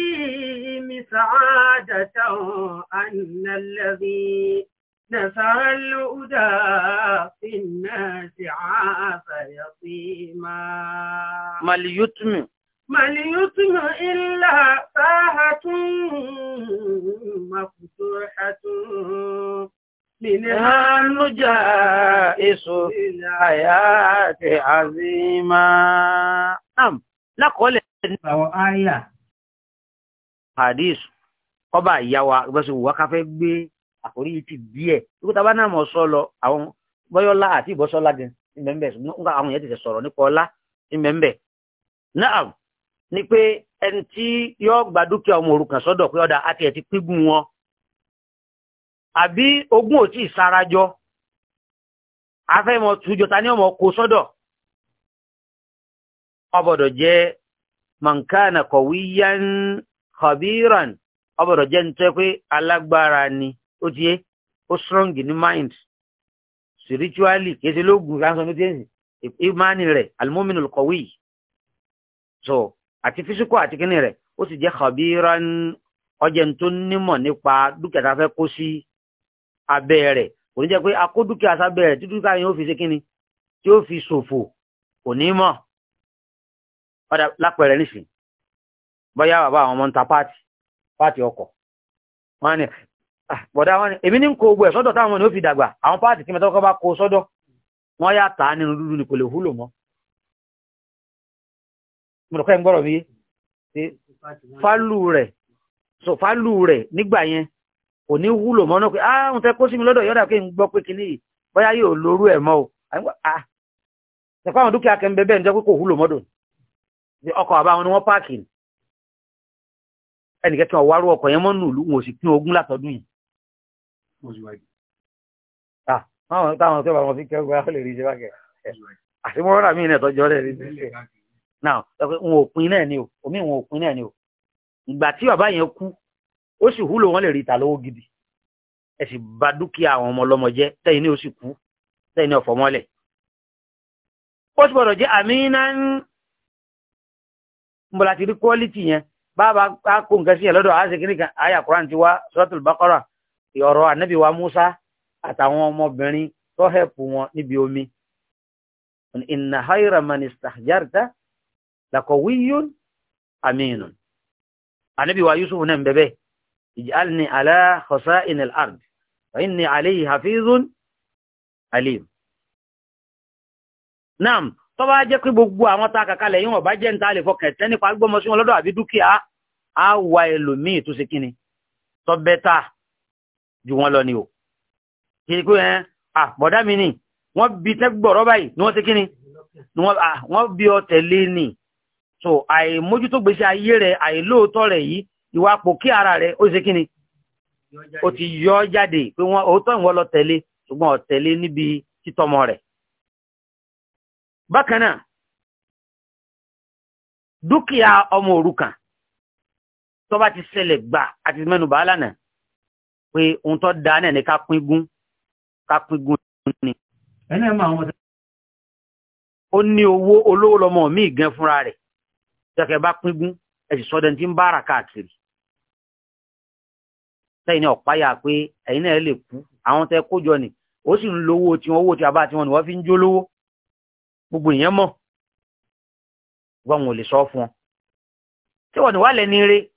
mi sàádàtà ànàlẹ́rìí. نفع الهدى في الناس عاف يطيما ما ليتم ما ليتم إلا ساحة مفتوحة منها نجائس للحياة عظيمة نعم لا قول àwọn àyà hadith ọba ìyá wa gbẹ́sùn wọ́n ká fẹ́ gbé àkórí yìí ti díẹ̀ ìkúta bá náà mọ̀ sọ lọ àwọn bọ́yọ́lá àti ìbọ́sọ́lá gan ìmẹ̀mbẹ̀ nígbà àwọn èèyàn ti sọrọ sọ̀rọ̀ nípa ọlá ìmẹ̀mbẹ̀ náà ni pé ẹni tí yọ gba dúkìá ọmọ òrukàn sọ́dọ̀ pé ọ̀dà àti ti pígun wọn àbí ogún ò tí ì sarajọ afẹ́mọ̀ tùjọ ta ọmọ kó sọ́dọ̀ jẹ́ mankana kọ̀wíyán jẹ́ tẹ́ ni ó ti yé ó strong ní mind spiritually kì í ṣe lóògùn lásán ló ti ń ìmánì rẹ̀ alimominu so àti físíkò àti kíní rẹ̀ ó sì jẹ́ khabiran ọjà tó nímọ̀ nípa dúkìá tá a fẹ́ kó sí abẹ́ rẹ̀ kò ní jẹ́ pé a kó dúkìá sábẹ́ rẹ̀ tí dúkìá yẹn ó fi ṣe kíni tí ó fi ṣòfò kò ní mọ̀ ọ̀dà lápẹ̀rẹ̀ nísìnyí bóyá bàbá àwọn ọmọ ń ta páàtì páàtì ọkọ̀ wọ́n á Ah, bọ̀dá wọn èmi ní kò gbọ́ ẹ̀sọ́dọ̀ táwọn ni ó fi dàgbà àwọn pàtàkì mẹ́ta ọkọ̀ bá kó sọ́dọ̀ wọ́n yá tàá nínú dúdú ni kò lè húlò mọ́ mọ̀lọ́kọ́ ẹ̀ ń gbọ́rọ̀ fálù rẹ̀ nígbà yẹn kò ní mọ́ náà ah ń kó sí mi lọ́dọ̀ yọ́dà pé ń gbọ́ pé kíní yìí bóyá yóò o ah. ẹnìkẹ́kẹ́ ọ̀wárú ọkọ̀ yẹn Ah, táwọn tó bá wọn fi kẹrù bá lè rí ṣe bá que àti mo rọra míì náà tọjọ rẹ rí ṣe náà wọn ò pin o omi wọn ò pin náà ni o ìgbà tí bàbá yẹn kú ó sì wúlò wọn lè rí ta lówó gidi ẹ sì bà dúkìá àwọn ọmọ ọlọ́mọ jẹ́ o sì kú tẹ̀yin ní ọ̀fọ̀ mọ́lẹ̀ ó sì gbọ́dọ̀ jẹ́ àmì náà ń bọ̀ láti quality yẹn bá a bá kó nǹkan sí yẹn lọ́dọ̀ a ṣe kíníkan àyà Kùránì Suratul Baqara ọ̀rọ̀ ànábì wa Musa àtàwọn ọmọbìnrin tó hẹ́pù wọn níbi omi inna hayra man istahjarta laqawiyyun aminun ànábì wa Yusuf náà ń bẹ̀bẹ̀ ij'alni ala khasa'in al-ard wa inni alayhi hafizun alim naam tó bá jẹ́ pé gbogbo àwọn tá a kàkalẹ̀ bá jẹ́ níta lè fọkàn tẹ́ nípa gbọ́mọ sí wọn lọ́dọ̀ àbí dúkìá á wà ẹlòmíì tó ṣe kíni tó ju wọn lọ ni o kì í pé ẹ à mi ni wọ́n bi tẹ́gbọ̀rọ̀ báyìí ni wọ́n ti kíni wọ́n bi ọ tẹ̀lé ni so àìmójútó gbèsè ayé rẹ̀ àìlóòótọ́ rẹ̀ yìí ìwà àpò kí ara rẹ̀ ó ṣe kíni ó ti yọ jáde pé wọ́n òótọ́ ìwọ́n lọ tẹ̀lé ṣùgbọ́n ọ̀tẹ̀lé níbi títọ́mọ rẹ̀ bákan náà dúkìá ọmọ òrukàn tó bá ti ṣẹlẹ̀ gbà àti mẹ́nubà lánàá pé ohun tó dáa náà ni ká pín gún ká pín gún ni. ẹnẹ mọ àwọn ọmọdé. ó ní owó olówó lọmọ mi gan fúnra rẹ̀ jẹkẹ bá pín gún ẹ sì sọdẹ tí ń bára káàkiri. sẹ́yìn ní ọ̀páyà pé ẹ̀yin náà lè kú àwọn tẹ kó jọ ni ó sì ń lówó tí wọn owó tí a bá tí ni wọ́n fi ń jó lówó gbogbo ìyẹn mọ̀ wọn ò lè sọ fún ọ tí wọn ni wà lẹ́ni rẹ̀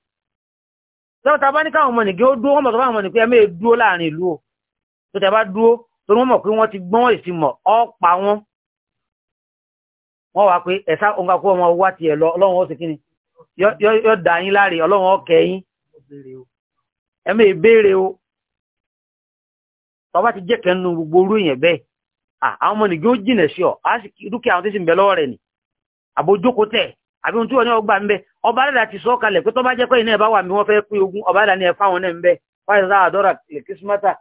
tọ́wọ́ ta bá ní káwọn ọmọ nìkí ó dúró wọ́n mọ̀ tó bá wọn nìkí ẹ̀mí dúró láàrin ìlú o tó tẹ bá dúró tó ní wọ́n mọ̀ pé wọ́n ti gbọ́n èsì mọ̀ ọ́ pa wọ́n wọ́n wá pé ẹ̀sá òǹkà kó wọn wá tiẹ̀ lọ ọlọ́run ó sì kíni yọ dà yín láre ọlọ́run ó kẹ́ yín ẹ̀mí ìbéèrè o tọ́wọ́ ti jẹ́ kẹ́nu gbogbo orú èèyàn bẹ́ẹ̀ àwọn ọmọ ó jìnà sí ọ dúkìá àwọn tó sì ń bẹ lọ́wọ́ rẹ̀ ni àbójókòó tẹ̀ àbí ohun tí wọ́n ní ọgbà ń ọba dàda ti sọ kalẹ̀ pé tó bá jẹ́ pé iná ẹ̀ bá wà mí ọba dàda ni ẹ̀ fáwọn náà ń bẹ fáyọ̀ sáà dọ́ra lè kí súnmọ́tà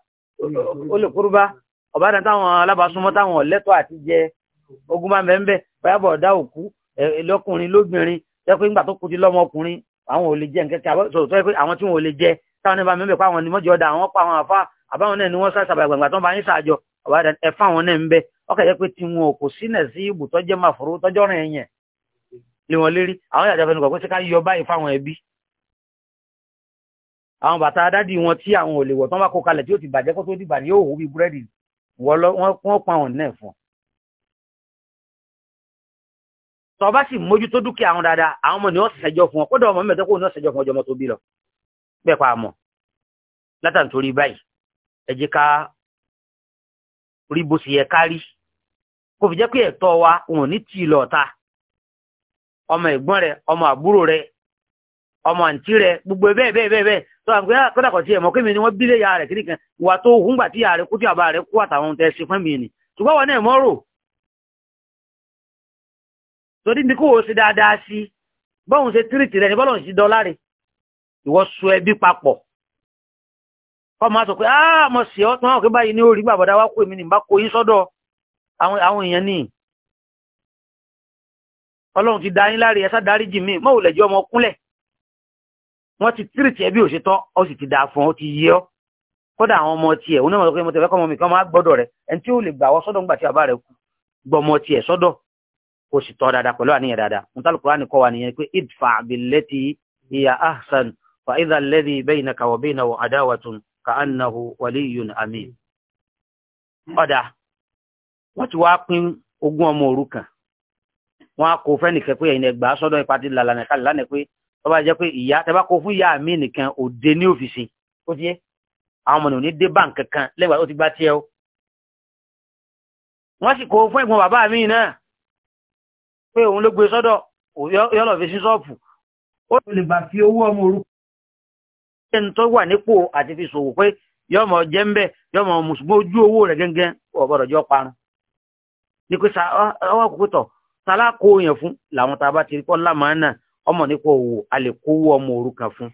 ó ọba dàda táwọn alábàásúnmọ́ táwọn ọlẹtọ àti jẹ ogún bá ń bẹ ń bẹ fáyàbọ̀ ọ̀dá òkú lọ́kùnrin lóbìnrin jẹ́ pé nígbà tó kú ti lọ́mọkùnrin àwọn ò lè jẹ nkẹ́kẹ́ àwọn tí wọn ò lè jẹ táwọn nípa mẹ́bẹ̀ lé wọn lérí àwọn ìyàjọ́ fẹnukọ̀ pé ṣé ká yọ báyìí fáwọn ẹbí àwọn bàtà adádì wọn tí àwọn olè wọ̀ tán bá kó kalẹ̀ tí ó ti bàjẹ́ kó tó dìgbà ní òwò bíi búrẹ́dì wọ́n pa àwọn náà fún tọ́ bá sì mójútó dúkìá àwọn dáadáa àwọn ọmọ ni wọ́n ṣẹjọ́ fún wọn kódà ọmọ mẹ́tẹ́kù ni wọ́n ṣẹjọ́ fún ọjọ́ ọmọ tó bí lọ bẹ́ẹ̀ pa àmọ́ látàntorí báyìí ẹ jẹ́ ká rí bó ṣe yẹ ká kò fi jẹ́ pé ẹ̀tọ́ wa wọn ò ní tì í lọ ọ̀ta ọmọ ẹ̀gbọ́n rẹ̀ ọmọ àbúrò rẹ̀ ọmọ àǹtí rẹ̀ gbogbo bẹ́ẹ̀ bẹ́ẹ̀ bẹ́ẹ̀ bẹ́ẹ̀ tó àgbẹ kọdàkọ sí ẹmọ kémi ni wọ́n bílé ya rẹ̀ kan, ìwà tó hùngbà tí ya rẹ̀ kú tí àbá rẹ̀ kú àtàwọn ohun tẹ ṣe fún mi ni ṣùgbọ́n wọn náà mọ́ rò torí bí kò ṣe dáadáa sí bọ́hùn ṣe tírìtì rẹ̀ ní bọ́lọ̀ sí dọ́láre ìwọ sọ ẹbí papọ̀ kọ́ máa sọ pé ah mo sì ọ́ tí wọ́n kí báyìí ní orí gbàbọ̀dá wá kó èmi nì bá kó yín sọ́dọ̀ àwọn èèyàn nìyí ọlọ́run ti darí láre ẹ̀sá darí jì mí mọ́wò lẹ́jọ́ ọmọ kúnlẹ̀ wọ́n ti tírìtì ẹbí òṣètọ́ ọ sì ti dà fún ọ ti yẹ ọ kódà àwọn ọmọ tiẹ̀ òun náà mọ̀ pé mo tẹ̀fẹ́ kọ́ ọmọ mi kan máa gbọ́dọ̀ rẹ̀ ẹni tí ó lè gbà wọ́ sọ́dọ̀ ńgbà tí bàbá rẹ̀ kú gbọ́ ọmọ tiẹ̀ sọ́dọ̀ kò sì tọ́ dáadáa pẹ̀lú àníyàn dáadáa ń tálù kúrò àníkọ́ wa nìyẹn pé idfa billati hiya ahsan fa idha alladhi baynaka wa baynahu adawatun ka annahu waliyyun amin. ọ̀dà wọ́n ti wá pín ogún ọmọ òrukàn wọn á kó fẹ́nìkan pé ẹ̀yin ẹgbàá sọ́dọ̀ ìpàdé làlànà kalẹ̀ lánàá pé wọ́n bá jẹ́ pé ìyá tẹ́ bá kó fún ìyá mi nìkan òde ní òfìsì ó ti yé àwọn ọmọ ní dé báǹkì kan lẹ́gbàá ó ti gbá tiẹ́ o wọ́n sì kó fún ẹ̀gbọ́n bàbá mi náà pé òun ló gbé e sọ́dọ̀ yọ́lọ̀ fi sí ṣọ́ọ̀pù ó lè gbà fi owó ọmọ orúkọ ẹni tó wà nípò àti fi ṣòwò pé yọmọ jẹ ń bẹ yọmọ mùsùlùmí ojú owó rẹ gẹ́gẹ́ ọ̀bọ̀rọ̀ parun ní pé sa ọwọ́ kòkòtọ̀ tálá kó yẹn fún làwọn tá a bá ti rí kọ́ lámàánà ọmọ nípa òwò a lè kówó ọmọ òrukàn fún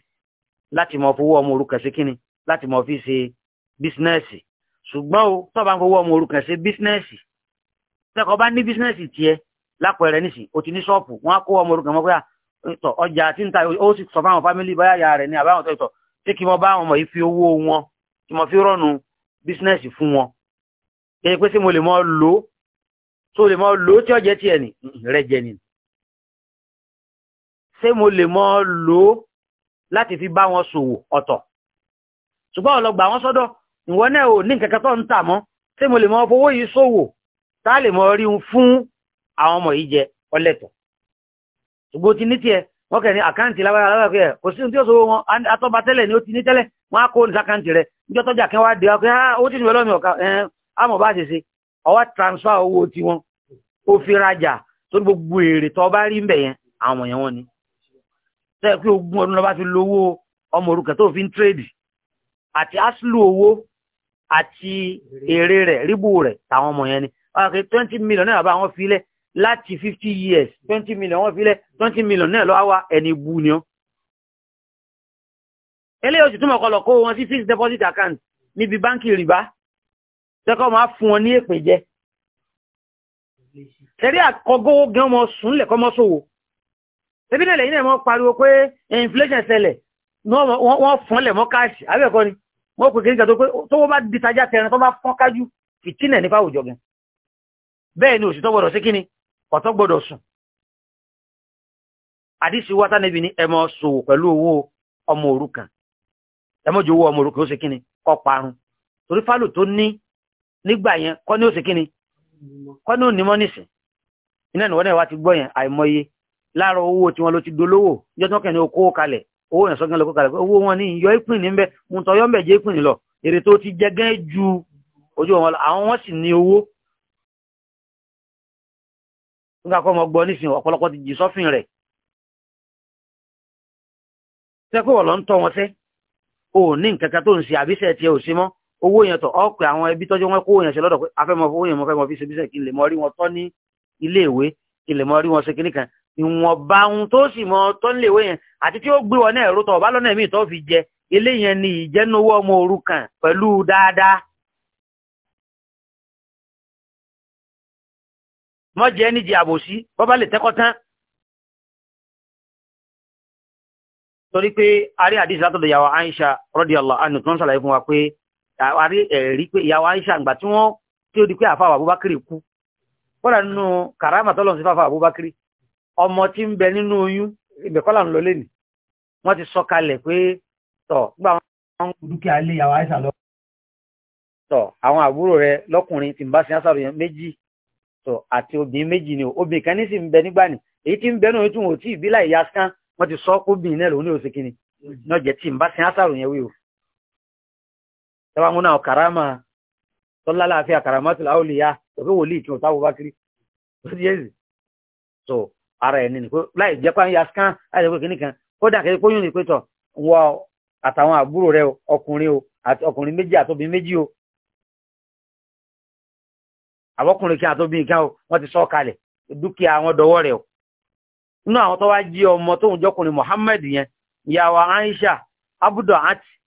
láti mọ fowó ọmọ òrukàn sí kíni láti mọ fi ṣe bísínẹ́sì ṣùgbọ́n o tó bá ń fowó ọmọ òrukàn ṣe bísínẹ́sì tẹ́kọ̀ọ́ bá ní bísínẹ́sì tiẹ̀ lápẹ̀rẹ̀ nísì o ti ní ṣọ́ọ̀pù wọ́n á kó ọmọ òrukàn mọ́ pé tọ̀ ọjà tí ń ta ó sì sọ fáwọn fámílì báyà ya rẹ̀ ní àbáwọn tó ìtọ̀ tí kí wọ́n bá wọn mọ̀ yìí fi owó wọn tó lè mọ lò ó tí ọ̀jẹ̀ tiẹ̀ nì rẹ̀ jẹ̀ ṣé mo lè mọ lò láti fi bá wọn ṣòwò ọ̀tọ̀ ṣùgbọ́n ọlọ́gbà wọn sọ́dọ̀ ìwọ náà ò ní nǹkan kan tó ń tà mọ́ ṣé mo lè mọ fowó yìí ṣòwò tá a lè mọ rí un fún àwọn ọmọ yìí jẹ ọlẹ́tọ̀ ṣùgbọ́n ti ní tiẹ̀ wọ́n kẹ̀ ní àkáǹtì lábára alábàáfẹ́ ẹ̀ kò sí ohun tí ó sọ wọn atọ́ba tẹ́lẹ̀ ni ó ti ní tẹ́lẹ̀ wọ́n á kó ní sákàǹtì rẹ̀ níjọ́ tọ́jà kẹwàá dé wa pé ó ti nìwẹ́ lọ́mí ọ̀ka ẹ̀ á mọ̀ bá ṣe ṣe ọwá transfer owó tí wọ́n ó fi rajà tó gbogbo èrè tó bá rí mbẹ̀ yẹn àwọn yẹn wọ́n ni tẹ́ pé ogún ọdún lọ́ba fi lówó ọmọ òrukàn tó fi ń tírèdì àti aslu owó àti èrè rẹ̀ ríbù rẹ̀ táwọn ọmọ yẹn ni wọ́n pe twenty million náà bá wọn filẹ̀ láti fifty years twenty million wọ́n filẹ̀ twenty million náà lọ́wọ́ wa ẹni bu ni ọ́ eléyìí oṣù tó mọ̀ kọ́ lọ kó wọn sí fixed deposit account níbi báńkì rìbá tẹ́kọ̀ máa fún wọn ní èpè jẹ́ tẹ́rí àkọgówó gan mọ́ súnlẹ̀ kọ́ mọ́ sòwò ebi nílẹ̀ yìí náà mọ́ pariwo pé inflation ṣẹlẹ̀ wọ́n fúnlẹ̀ mọ́ káàṣì abẹ́ẹ̀kọ́ ni wọ́n pè kéńkà tó pé tówó bá di tajà tẹran tó bá fọ́n kájú nípa àwùjọ gan bẹ́ẹ̀ ni òṣìṣẹ́ gbọ́dọ̀ sí sùn ni ẹ sòwò pẹ̀lú owó ọmọ òrukàn ẹ jọ òrukàn ó nígbà yẹn kọ́ ní ó sì kíni kọ́ ní ó ní mọ́nìsì iná ìwọ́n náà wá ti gbọ́ yẹn àìmọye láàárọ̀ owó tí wọ́n ló ti dolówó ìjọ tí wọ́n kẹ́ni okó kalẹ̀ owó yẹn sọ́gán lọ́kọ́ kalẹ̀ owó wọn ní yọ ìpín ní bẹ́ mú yọ́ mẹ́jẹ ìpín lọ èrè tó ti jẹ ju ojú wọn àwọn wọn sì ní owó nígbà kọ́ ọmọ gbọ́ nísìnyí ọ̀pọ̀lọpọ̀ ti jì sọ́fìn rẹ̀ sẹ́kọ̀ọ́ lọ ń tọ́ wọn sẹ́ ò nǹkan kan tó ń ṣe àbíṣẹ́ tiẹ̀ ò sí mọ́ owó yẹn tọ̀ ọ̀pẹ̀ àwọn ẹbí tọ́jú wọn kó yẹn ṣe lọ́dọ̀ pé afẹ́mọ́ owó yẹn mo fẹ́ mọ fi ṣe bíṣẹ̀ kí n lè mọ rí wọn tọ́ ní ilé ìwé kí n lè mọ rí wọn ṣe kíní kan ìwọ̀nba ohun tó sì mọ tọ́ nílé ìwé yẹn àti tí ó gbé wọn náà ẹ̀rọ ọ̀bá lọ́nà míì tó fi jẹ ilé yẹn ni ìjẹ́nuwó ọmọ òrukàn pẹ̀lú dáadáa mọ́jẹ́ nídìí àbòsí bọ́bá lè tẹ́kọ́ tán torí pé a rí látọ̀dọ̀ yàwó Aisha radiyallahu anha tó ń sàlàyé fún wa pé àwárí ẹ̀rí pé ìyàwó Aisha ìgbà tí wọ́n tí ó di pé àfáwà Abubakar kú kódà nínú karama tọ́lọ̀ sí fáfà Abubakar ọmọ tí ń bẹ nínú oyún ìbẹ̀kọ́là ń lọ lẹ́nì wọ́n ti sọ kalẹ̀ pé tọ̀ gbà wọ́n dúkìá ilé ìyàwó Aisha lọ tọ̀ àwọn àbúrò rẹ lọ́kùnrin tí ń bá sin Asaru yẹn méjì tọ̀ àti obìnrin méjì ni obìnrin kan ní sì ń bẹ nígbà ni èyí tí ń bẹ náà tún ò tí ìbílà ìyá sán wọ́n ti sọ kóbìnrin náà lòun ní náà jẹ́ tí ń bá sin Asaru yẹn wí o tẹ́wà múnà karama tọ́lá láàfíà karamatul awliya òfin wòlíì kí o sáwọ́ bá kiri ó ara eni nínú láì jẹ́ ya scan láì jẹ́ pé kìíní kan kódà kìí kóyún ní pé tọ̀ wọ àtàwọn àbúrò rẹ ọkùnrin o àti ọkùnrin méjì àtòbí méjì o àbọ̀kùnrin kí àtòbí o wọ́n ti sọ kalẹ̀ dúkìá wọn dọwọ́ rẹ o àwọn tó wá ọmọ tóun jọkùnrin yẹn Aisha abudu ati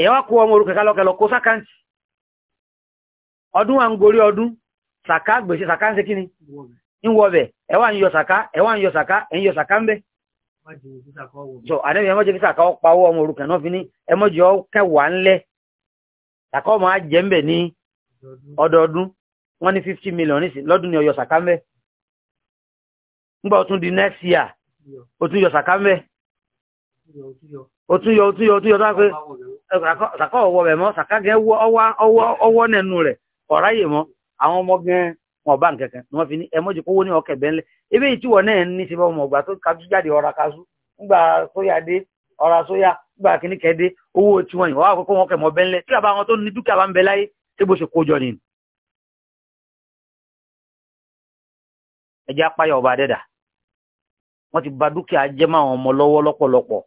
èyàn wá kó ọmọ orúkẹ kálọ́kẹlọ kó sákàǹtì ọdún wa ń gorí ọdún sàká gbèsè sàká ń ṣe kíni ń wọbẹ̀ ẹwà ń yọ sàká ẹwà ń yọ sàká ẹ̀yìn yọ sàká ń bẹ́ so àdẹ́bí ẹmọ́jẹ́ kí sàká ọpa owó ọmọ orúkẹ náà fi ní ẹmọ́jẹ́ ọkẹwà ńlẹ̀ sàká ọmọ ajẹ́ ń bẹ̀ ní ọdọọdún wọ́n ní fifty million nísìn lọ́dún ni ọyọ sàká ń bẹ́ ńgbà ó tún di next year ó tún yọ sàká ń bẹ́ òtúyọ òtúyọ òtúyọ tó pé sàkọ́ ọwọ́ rẹ̀ mọ́ sàkágẹ́ ọwọ́ nẹnu rẹ̀ ọ̀ráyè mọ́ àwọn ọmọ gan wọn bá nkẹ̀kẹ́ ni wọ́n fi ní ẹmọ́jì kówó ní ọkẹ̀ bẹ́ńlẹ̀ ebe ìtìwọ̀ náà ní ti bọ́ ọmọ ọgbà tó kájú jáde ọ̀rà kaṣú ńgbà sóyà dé ọ̀rà sóyà ńgbà kíní kẹ́dé owó tí wọ́n yìí wọ́n àkókò wọn kẹ̀ mọ́ bẹ́ńlẹ̀ tí àbá wọn tó ní dúkìá bá ń bẹ láyé tí bó ṣe kó jọ nìyí. ẹjẹ́ apáyà ọba adẹ́dà wọ́n ti ba dúkìá jẹ́ máa wọn ọmọ lọ́wọ́ lọ́pọ̀lọpọ̀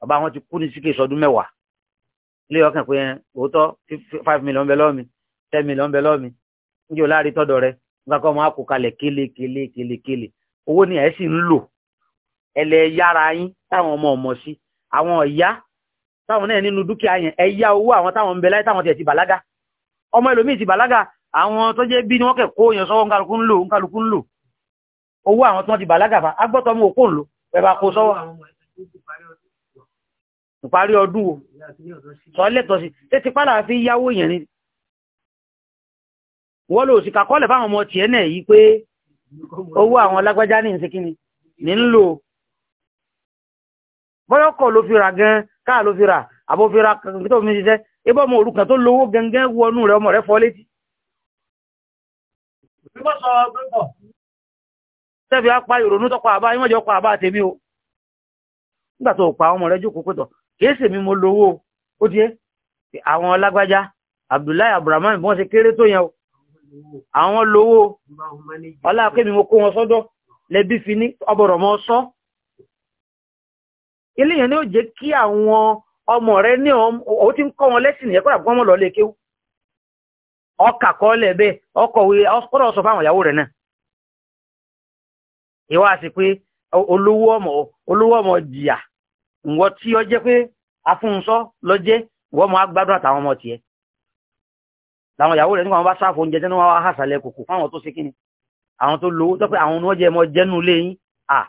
bàbá wọn ti kú ní síkè sọdún mẹ́wàá ilé ọkàn pé òótọ́ five million bẹ lọ́ọ̀mì ten million bẹ lọ́ọ̀mì níjẹ́ oláàrí tọ́dọ̀ rẹ nǹkan kan máa kó kalẹ̀ kélekele kélekele owó ni ẹ̀ sì ń lò ẹlẹ́ yára yín táwọn ọmọ ọmọ sí àwọn ọ̀yá táwọn náà nínú dúkìá yẹn ẹ owó àwọn táwọn ń bẹ láyé táwọn tiẹ̀ ti bàlágà ọmọ ẹlòmíì ti bàlágà àwọn tó jẹ́ bí ni wọ́n kẹ̀ kó yẹn sọ́wọ́ nkálukú ń lò nkálukú ń lò owó àwọn tí wọ́n ti bàlágà fa agbọ́tọ̀ mú òkú ń lò ẹ bá kó sọ́wọ́ ìparí ọdún o sọ́lẹ́tọ̀ sí tí ti pàdà fi yáwó yẹn ni wọ́n lò sí kakọ́lẹ̀ fáwọn ọmọ tiẹ̀ náà yí pé owó àwọn lágbájá ní ìsìnkíni ní ń lò bọ́yọ́kọ̀ ló fi rà gan káà ló fi rà àbò fi ra tó fi ṣiṣẹ́ ibọ́ ìrònú tọ́kọ̀ àbá ìwọ́jọ́ ọkọ̀ àbá tèmi o nígbà pa ọmọ rẹ̀ jókòó pẹ́tọ̀ kìí sèmi mo lówó ó tiẹ̀ àwọn ọlágbájá abdullahi abdulrahman bí wọ́n ṣe kéré tó yẹn o àwọn lówó ọlákémi mo kó wọn sọ́dọ̀ lẹ́bí fi ní ọbọ̀rọ̀ mọ́ sọ ilé yẹn ni ó jẹ́ kí àwọn ọmọ rẹ ní ọ tí ń kọ́ wọn lẹ́sìn yẹn e kọ́ àbúkọ́ mọ́ lọ kéwú ọkà kọ́lẹ̀ bẹ́ẹ̀ ọkọ̀wé ọ̀rọ̀ sọ fáwọn ìyàwó rẹ̀ náà ìwá sí pé olówó ọmọ olówó ọmọ jìyà wọ́n tí ọ jẹ́ pé afúnṣọ́ lọ jẹ́ wọ́n mọ́ agbádùn àtàwọn ọmọ tiẹ̀ láwọn ìyàwó rẹ̀ nígbàwọn bá sáàfò oúnjẹ tẹ́nu wá hàṣàlẹ̀ kòkò fáwọn tó ṣe kíni àwọn tó lówó tọ́pẹ́ àwọn ní wọ́n jẹ́ mọ́ jẹ́nu lé yín à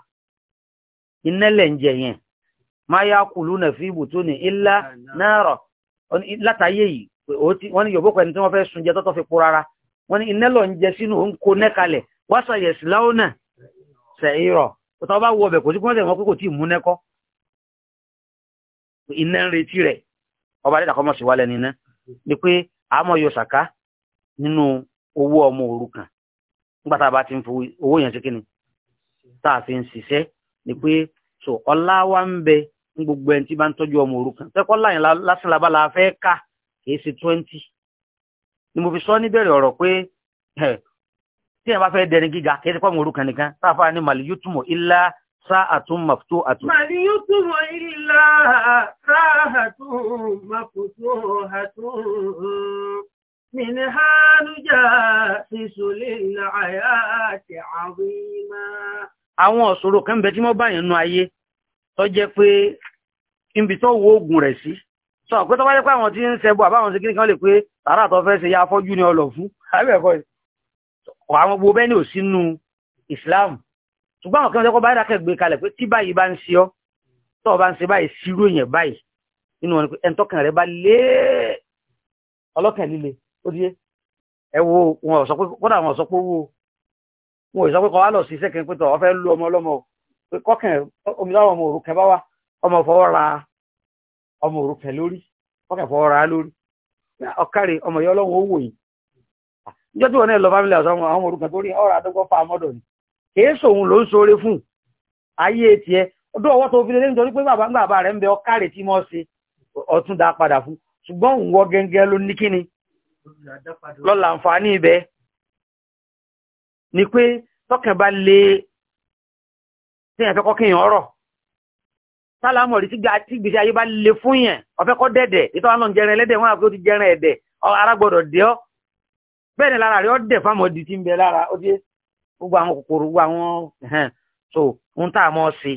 inẹ́lẹ̀ ń jẹ yẹn máa yá kùlú nà fi ibù tó ní ilá náírà látàyè yìí wọ́n ní yòókù ẹni tí wọ́n fẹ́ sun jẹ tọ́tọ́ fi kú rárá wọ́n ní inẹ́lọ̀ ń jẹ sínú òun kó nẹ́kalẹ̀ wáṣà yẹ̀sì láwọn náà sẹ̀yìn rọ̀ iná ń retí rẹ̀ ọba dẹ́dà kọ́ mọ̀ sí wálẹ̀ nínú ni pé àmọ́ yóò ṣàká nínú owó ọmọ òrukàn nígbà tá ti ń fi owó yẹn sí kí ni fi ń ni pé so ọlá wa ń bẹ gbogbo ẹni tí bá ń tọ́jú ọmọ tẹ́kọ́ láyìn lásán la fẹ́ ká kìí ṣe twenty ni mo fi sọ níbẹ̀rẹ̀ ọ̀rọ̀ pé tí bá fẹ́ dẹni gíga kìí ṣe nìkan tá a sa'atun maftuhatun. Ma ni yutubu illa sa'atun maftuhatun. منها نجاسس للعياة عظيما àwọn ọ̀ṣòro kan bẹ tí mo bá yẹn nú ayé tó jẹ́ pé ibi tó wo oògùn rẹ̀ sí sọ pé tó bá jẹ́ pé àwọn tí ń ṣẹbọ àbáwọn sí kí nìkan lè pé tààrà tó fẹ́ ṣe ya afọ́jú ni ọlọ̀ fún àwọn gbogbo bẹ́ẹ̀ ni ò sínú Islam ṣùgbọ́n àwọn kan lẹ́kọ́ báyìí dákẹ́ gbé kalẹ̀ pé tí báyìí bá ń ṣe ọ́ tọ́ bá ń ṣe báyìí sírò yẹn báyìí nínú wọn ni pé ẹ̀ńtọ́kàn rẹ̀ bá lé ọlọ́kàn líle ó di ẹ wo wọn ò sọ pé kódà wọn ò sọ pé owó wọn ò sọ pé kọ́ wá lọ sí iṣẹ́ kan pé tọ́ ọ fẹ́ lu ọmọ ọlọ́mọ pé kọ́kàn omi láwọn ọmọ òrukàn bá wá ọmọ fọwọ́ ra ọmọ òrukàn lórí kọ́kàn fọwọ́ ra lórí ọ̀kárì ọmọ ìyá ọlọ́run ó wò yìí níjọ́ tí wọn náà lọ fámìlì àwọn ọmọ òrukàn tó rí ọ̀rọ̀ àdógọ́fà mọ́dọ̀ ni kèésò òun ló ń sóre fún ayé etí ẹ ọdún ọwọ́ tó fi lélẹ́ nítorí pé bàbá bàbá rẹ̀ ń bẹ ọkàrè tí mọ́ sí ọtún dá padà fún ṣùgbọ́n òun wọ gẹ́gẹ́ ló ní kíni lọ́la àǹfààní ibẹ̀ ni pé tọ́kàn bá lè tíyàn fẹ́ kọ́kíyàn ọ̀rọ̀ sálámù rí tí gbèsè ayé bá lè fún yẹn ọ̀fẹ́ kọ́ dẹ̀dẹ̀ ìtọ́ àwọn jẹrin ẹlẹ́dẹ̀ wọn àpé ó ti jẹrin ẹ̀dẹ̀ ara gbọ́dọ̀ dẹ́ ọ bẹ́ẹ̀ ni lára rí ọ́ dẹ̀ fámọ́ di ti ń bẹ lára ó ti gbogbo àwọn kòkòrò gbogbo àwọn so ohun tá a mọ̀ sí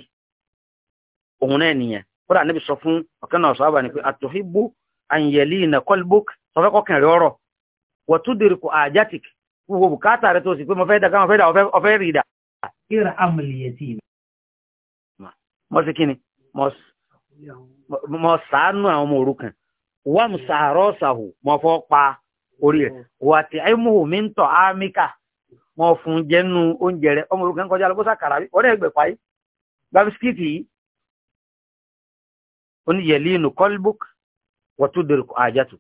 òun náà nìyẹn kódà níbi sọ fún ọ̀kẹ́ náà sọ́ọ́bà ni pé àtòhíbú àyẹ̀lì ìnà kọ́lbùk sọfẹ́ kọkàn rẹ ọ̀rọ̀ wọ̀túndìrì kò àjàtìk gbogbo bùkátà rẹ tó sì pé mo fẹ́ dàgbà mo fẹ́ dà ọ fẹ́ rí dà. kíra amúlìyẹ tí ì mọ sí kíni mọ sàánú àwọn ọmọ òrukàn wàm sàárọ̀ sàhù mọ fọ́ pa orí rẹ̀ wàtí ẹ̀mú mi ń tọ̀ ámíkà mọ́ fún jẹ́nu oúnjẹ rẹ̀ ọmọ orúkẹ́ ń kọjá lọ bó sàkàrà ọ̀rẹ́ ẹgbẹ̀ páyé gba bisikíìtì yìí ó ní yẹ̀lí inú kọ́lbùk wọ́túndòrò àjẹtù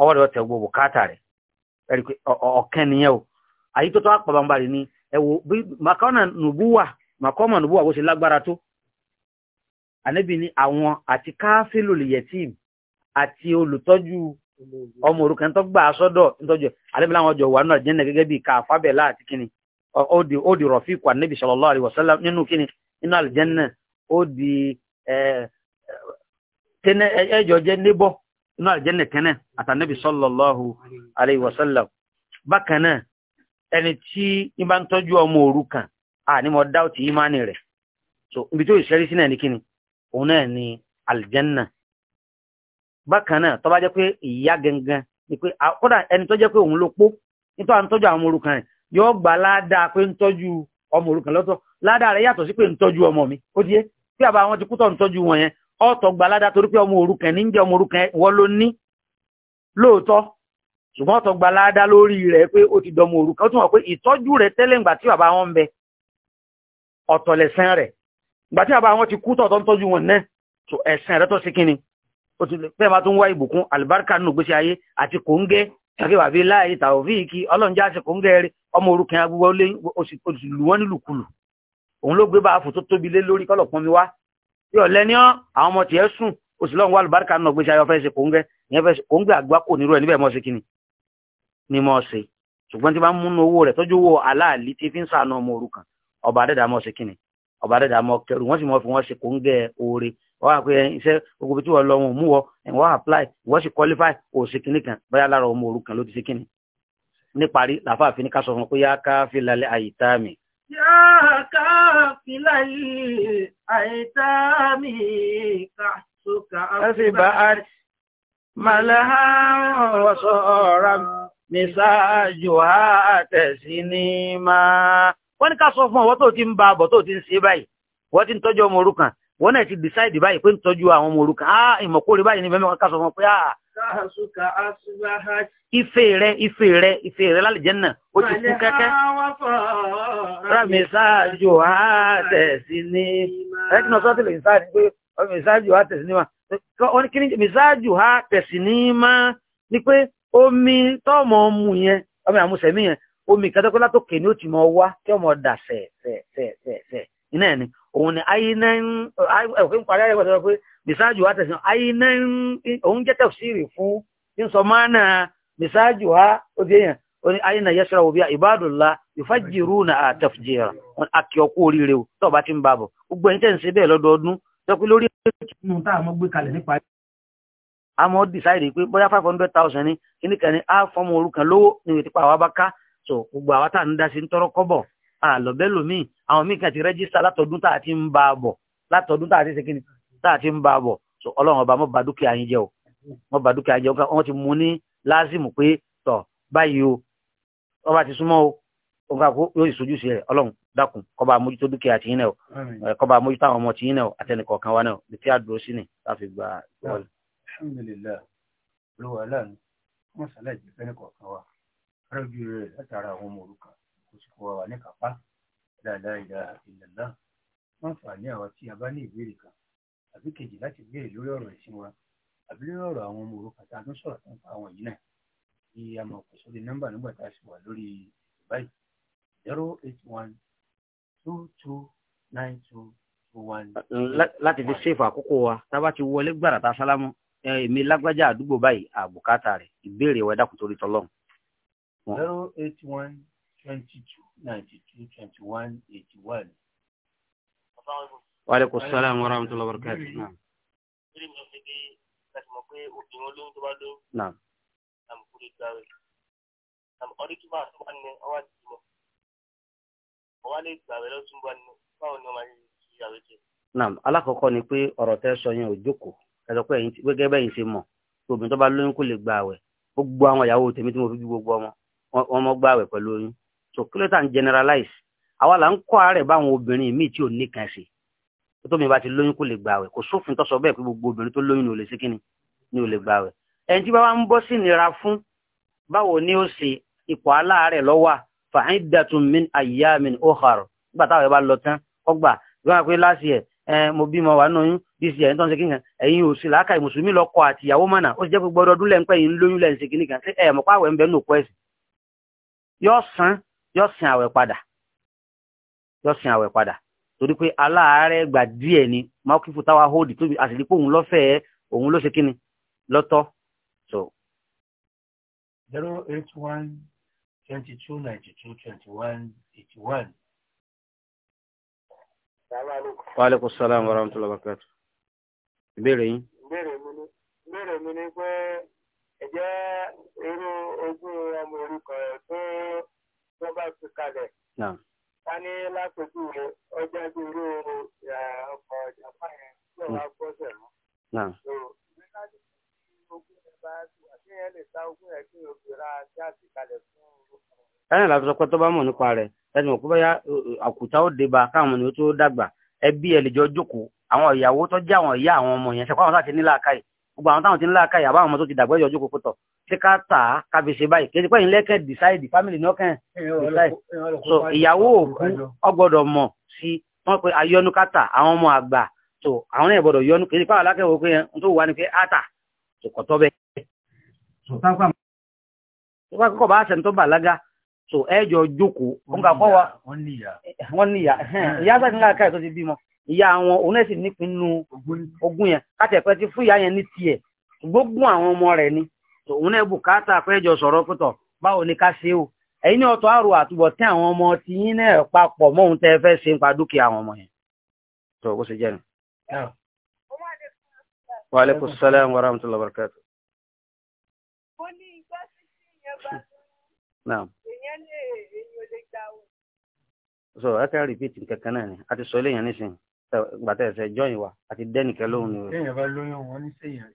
ọwọ́ rẹ̀ ọ̀tẹ̀ gbogbo káàtà rẹ̀ ọ̀kẹ́ nìyẹn o àyí tó tọ́ àpàbàmbarì ni ẹ̀wò bí makọ́nà nùbúwà makọ́mà nùbúwà bó ṣe lágbára tó ànábì ní àwọn àti káfílù lìyẹ̀tìm àti olùtọ́jú ọmọ òrukàn ẹni tó gbà sọ́dọ̀ nítọ́jú alẹ́bí láwọn ọjọ́ wà náà jẹ́nà gẹ́gẹ́ bí ká fábẹ́lá àti kíni ó di rọ̀fíìkù ànábì sallallahu alaihi wasallam nínú kíni nínú àlìjẹ́nà ó di nínú bákan náà ẹni tí ń bá ń ọmọ A mo so ibi tó sí náà òun náà bákan náà tó bá jẹ́ pé ìyá gangan ni pé kódà ẹni tó jẹ́ pé òun ló pó nítorí àwọn tọ́jú àwọn orúkan rẹ̀ yóò gbà ládàá pé ń tọ́jú ọmọ orúkan lọ́tọ̀ ládàá rẹ̀ yàtọ̀ sí pé ń tọ́jú ọmọ mi ó ti yé pé àbá wọn ti kú tọ̀ ń tọ́jú wọn yẹn ọ̀tọ̀ gbà ládàá torí pé ọmọ orúkan ní ń jẹ́ ọmọ orúkan wọn ló ní lóòótọ́ ṣùgbọ́n ọ̀tọ̀ gbà ládàá lórí rẹ̀ pé ó ti dọmọ orúkan ó tún wọ̀ pé ìtọ́jú rẹ̀ tẹ́lẹ̀ ńgbà tí bàbá wọn ń bẹ ọ̀tọ̀ lẹ̀sán rẹ̀ ńgbà tí bàbá wọn ti kú tọ̀ tó ń tọ́jú wọn náà ẹ̀sán rẹ̀ tó sí kíni ó ti bẹ́ẹ̀ máa tún wá ìbùkún àlùbáríkà nínú gbèsè ayé àti kòńgẹ́ ṣàkíwàbí láàyè tàòfíìkì ọlọ́njẹ́ àṣẹ kòńgẹ́ rẹ ọmọ orúkẹ́ agbúwọ́ lé oṣù lù wọ́n nílùkulù òun ló gbé báàfù tó tóbi lé lórí kọ́lọ̀ pọ́n mi wá yóò lẹ́ni ọ́ àwọn ọmọ tiẹ̀ sùn oṣù lọ́run wá àlùbáríkà nínú gbèsè ayé ọ̀fẹ́ ṣe kòńgẹ́ ìyẹn fẹ́ kòńgẹ́ àgbá kò nírú ẹ̀ níbẹ̀ ni mọ́ ṣe ṣùgbọ́n tí ọba adẹ́dàmọ́ ṣe kẹrù wọ́n sì mọ́ fi wọ́n ṣe kòńgẹ́ oore wọ́n á pe iṣẹ́ gbogbo ibi tí wọ́n lọ wọn ò mú wọ wọ́n á apply wọ́n sì qualify kò sí kinní kan bóyá lára ọmọ òrukàn ló ti ṣe kinní. níparí làfáà fi ní ká sọ fún un pé yá ká fi lálẹ́ àyíká mi. yá ká fi lálẹ́ àyíká mi ká sókà. ẹ sì bá a màláhà ọ̀sọ̀ ọ̀ra mi ṣáájú àtẹ̀sí ní máa. wọ́n ní ká sọ fún ọ wọ́n tó ti ń ba àbọ̀ tó ti ń ṣe báyìí wọ́n ti ń tọ́jú ọmọ òrukàn wọ́n náà ti decide báyìí pé ń tọ́jú àwọn ọmọ òrukàn ah ìmọ̀kóre báyìí ní bẹ́ẹ̀ mẹ́wàá kásọ̀ wọn pé ah. ife rẹ ife rẹ ife rẹ lálejẹ náà ó ti kú kẹ́kẹ́. ramisajo àtẹ̀sí ni ẹ̀rẹ́ tí wọ́n sọ́ọ́ tẹ̀lé ìsáàdì pé ní kí ni pé omi tọ́ọ̀mù ọmú yẹn ọmọ àmúṣẹ́mí yẹn omi kẹ́tẹ́kọ́lá tó kè ní ó ti mọ wá kí ọmọ dà sẹ̀ẹ̀sẹ̀ẹ̀sẹ̀ iná ẹ̀ ni òun ni na òfin parí ẹ̀rẹ́ ìwọ̀sọ̀rọ̀ pé misájú ha tẹ̀sán ainan òun jẹ́ tẹ̀síìrì fún na ha ó di èèyàn ó ní ibadula yẹ́sọ̀rọ̀ na àtẹ̀fìjìrà àkì ọkú oríire tó ti ń bàbọ̀ gbogbo ẹni tẹ̀sí bẹ́ẹ̀ lọ́dọọdún tọ́pẹ́ lórí ẹ̀rọ tá a mọ́ gbé kalẹ̀ nípa àlọ́bẹ́ lòmíì àwọn míì kan ti rẹ́jísítà látọdún tá a ti ń bá a bọ̀ látọdún tá a ti ṣe kíni tá a ti ń bá a bọ̀ so ọlọ́run ọba mọ́ ba dúkìá yín jẹ́ o mọ́ ba dúkìá yín jẹ́ o wọ́n ti mú ní láàzìmù pé tọ̀ báyìí o wọ́n ti súnmọ́ o nǹkan àkókò yóò sì sojú sí rẹ̀ ọlọ́run dákun kọba àmójútó dúkìá tiyín náà o kọba àmójútó àwọn ọmọ tiyín náà o àtẹnìkọ̀ọ̀kan wa náà o tí a dúró sí ni láfi gba ìwọlẹ̀. alhamdulillah lọ́wọ́ aláàánú wọ́n sàlẹ̀ jẹ́ fẹ́ẹ́ kọ̀ọ̀kan wa rẹ́bí rẹ̀ látara àwọn ọmọ òrukàn kó sì kó wa wà ní kápá la ilaha illallah wọ́n fà ní àwa tí a bá ní ìbéèrè kan àbí kejì láti béèrè lórí ọ̀rọ̀ ẹ̀sìn wa àbí lórí ọ̀rọ̀ àwọn ọmọ òrukàn tá a tún tó ń fa àwọn yìí náà kí a mọ̀ pé sórí nọ́mbà nígbà tá a sì wà lórí báyìí zero eight one two two nine two two one. láti fi ṣèfà àkókò wa tá a bá ti wọlé gbàrà tá a sálámù èmi lágbájá àdúgbò báyìí àbùkátà rẹ̀ ìbéèrè wa dákun torí tọlọ́run. zero eight one twenty two ninety two twenty one eighty one. wa aleykum salaam wa rahmatulah wa barakatu. ìrì mi ò fi gé láti mọ̀ pé obìnrin olóyún tó bá lóyún. naam. àmì kúrò ìgbà rẹ̀ àmì ọdún tó bá tó bá ní ọwọ́ àti ìmọ̀ ọwọ́ lè gbà rẹ̀ lọ́sùn bá ní báwo ni ọmọ yìí ti yàwé jẹ. naam alákọ̀ọ́kọ́ ni pé ọ̀rọ̀ tẹ́ sọ yẹn ò jókòó ẹ̀sọ́ pé gẹ́gẹ́ bẹ́yìn ṣe mọ̀ obìnrin tó bá lóyún kò lè gbà àwẹ̀ gbogbo àwọn ìyàwó tèmi fi gbogbo ọmọ wọn mọ́ gbà àwẹ̀ pẹ̀lú oyún so kí ló tàn generalize àwa là ń kọ́ àárẹ̀ báwọn obìnrin míì tí ò ní kan ṣe tó tóbi bá ti lóyún kó lè gbààwẹ̀ kò sófin tó sọ bẹ́ẹ̀ pé gbogbo obìnrin tó lóyún ni ò lè ṣe kíni ni ò lè gbààwẹ̀ ẹni tí bá wá ń bọ́ sí ìnira fún báwo ni ó ṣe ipò aláàárẹ̀ lọ́wà fa'iddatun min ayyamin ukhar nígbà táwọn ẹ̀ bá lọ tán ọgbà ìwọ́n àpé láti ẹ̀ mo bímọ wà nínú yín bísí ẹ̀yìn tó ń ṣe kíkan ẹ̀yin ò sí làákà ìmùsùlùmí lọ́kọ àti ìyàwó mọ̀nà ó sì yóò sin àwẹ̀ padà yóò sin àwẹ̀ padà torí pé aláàárẹ̀ gbà díẹ̀ ni mọ́kífù táwa tóbi àṣìlí òun lọ́fẹ̀ẹ́ òun ló ṣe kíni so. zero eight one twenty two ninety two twenty one eighty one. Ìbéèrè yín. Ìbéèrè tó bá fi kalẹ̀. ká ní lápẹ̀jù rẹ ọjà bí irú ọkọ̀ ìjàmbá yẹn tó wá gbọ́sẹ̀ hmm. mọ́. so mẹ́kálí sọ pé tó bá mọ̀ nípa rẹ̀ ẹni mọ̀ pé àkùtà ó dé bá káwọn ènìyàn tó dàgbà ẹbí ẹ̀ lè jọ jókòó àwọn ìyàwó tó jẹ́ àwọn ìyá àwọn ọmọ yẹn ṣe pé àwọn láti ní làákàyè gbogbo àwọn táwọn ti ń láàká ìyàbá àwọn ọmọ tó ti dàgbọ́ ìyọjú kò pọ̀tọ̀ ṣé ká tà á ká ṣe báyìí kéde pẹ́yìn lẹ́kẹ̀ decide family ní decide so ìyàwó òkú ọgbọ́dọ̀ mọ̀ sí wọ́n pe ayọ́nú ká tà àwọn ọmọ àgbà so àwọn náà gbọ́dọ̀ yọnu kéde pàwọn alákẹ́wò pé n tó wà ní pé á tà so kò tọ́ bẹ́ẹ̀. so táfà. tó bá kọ́kọ́ bá aṣẹ́ni tó bàlágà so ẹ jọ jókòó. wọ́n níyà. wọ́n níyà ìyá àwọn òun náà sì nípin nínú ogún yẹn káti ẹ̀pẹ́ ti fún ìyá yẹn ní tiẹ̀ gbogbo àwọn ọmọ rẹ̀ ni òun náà bùkátà péjọ sọ̀rọ̀ pẹ̀tọ̀ báwo ni ká ṣe o ẹ̀yin ní ọ̀tọ̀ àrò àtúbọ̀ tí àwọn ọmọ ti yín náà papọ̀ mọ́ ohun tẹ́ fẹ́ ṣe nípa dúkìá àwọn ọmọ yẹn tó bó ṣe jẹ́ nu. wa alaikum salam wa rahmatullahi wa barakatuh. mo ní ìgbà tí ìyẹn bá dùn (laughs) èèyàn lè so ẹ kẹ́ repeat nǹkan náà ni a ti sọ eléyàn nísìnyí gbàtẹ́ ẹ̀sẹ̀ jọ́yìn wa àti dẹ́nìkẹ́ lóhùn ni. téèyàn bá lóyún wọn ní séèyàn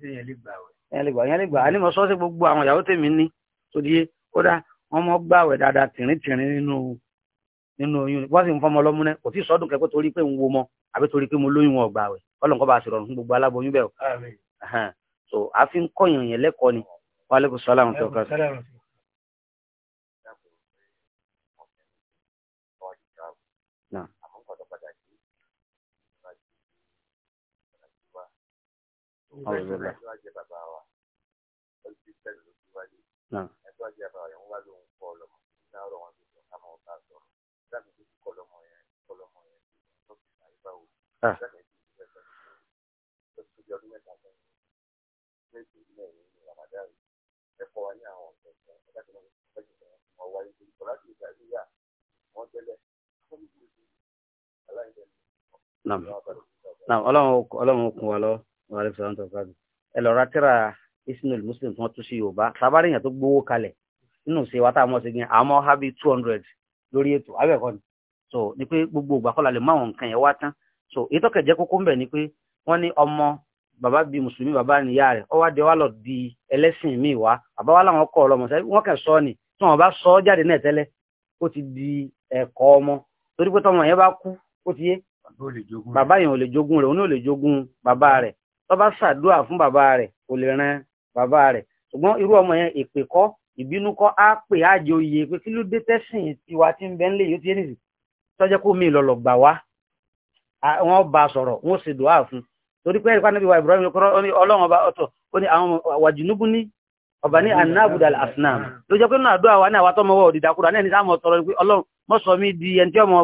séèyàn lè gbà wẹ̀. èèyàn lè gbà èèyàn lè gbà àní mo sọ sí gbogbo àwọn ìyàwó tèmi ní sódì yé kódà wọn mọ gbàwẹ̀ dáadáa tìrìntìrìn nínú nínú oyún wọn sì ń fọmọ lọ́mú náà kò tí ì sọdún kẹpẹ torí pé ń wo mọ àbí torí pé mo lóyún wọn gbàwẹ̀ Ọlọ́run kó bá a sì rọrùn fún gbogbo aláboyún bẹ́ẹ̀ o. so àfi ń kọyàn yẹn lẹ́kọ̀ọ́ Ah. alhamdulilayi ọlọ́run ọlọ́run kún wa lọ wàhálà sọ̀rọ̀ tó fà ẹ lọ ra tíra ismail muslim tí wọ́n tún sí yorùbá sábàárì yẹn tó gbowó kalẹ̀ nínú ṣe wa táwọn ṣe gbin àmọ́ hábí two hundred lórí ètò abẹ́ẹ̀kọ́ ni so ni pé gbogbo ìgbà kọ́la lè máwọn nǹkan yẹn wá tán so èyí tọ́kẹ̀ jẹ́ kókó ń bẹ̀ ni pé wọ́n ní ọmọ bàbá bíi mùsùlùmí bàbá níyà rẹ̀ ọ wá di lọ di ẹlẹ́sìn míì wá bàbá wa làwọn kọ́ ọlọmọ sẹ́yìn wọ́n kàn sọ ni tí di ẹ̀kọ́ ọmọ torí pé tọmọ yẹn bá kú ó ti yé bàbá yẹn tó bá ṣàdúrà fún bàbá rẹ̀ kò lè ran bàbá rẹ̀ ṣùgbọ́n irú ọmọ yẹn èpè kọ́ ìbínú kọ́ á pè á jẹ oyè pé kí ló dé tẹ́sìn tiwa tí ń bẹ ń lè yóò ti ẹ́ nìyí tọ́jẹ́ kó mi lọ̀lọ̀ gbà wá wọ́n bá sọ̀rọ̀ wọ́n sì dùn á fún torí pé ẹ̀ríkà níbi wa Ibrahim ọlọ́run ọba ọ̀tọ̀ ó ní àwọn wàjìnúbù ní ọba ní anábùdà àfúnàm ló jẹ́ pé nínú àdúrà wa ní àwa tọ́mọ wọ òdìdàkúrà náà ní sáàmù ọ̀tọ̀rọ̀ pé ọlọ́run mọ́ sọ mí di ẹni tí ọmọ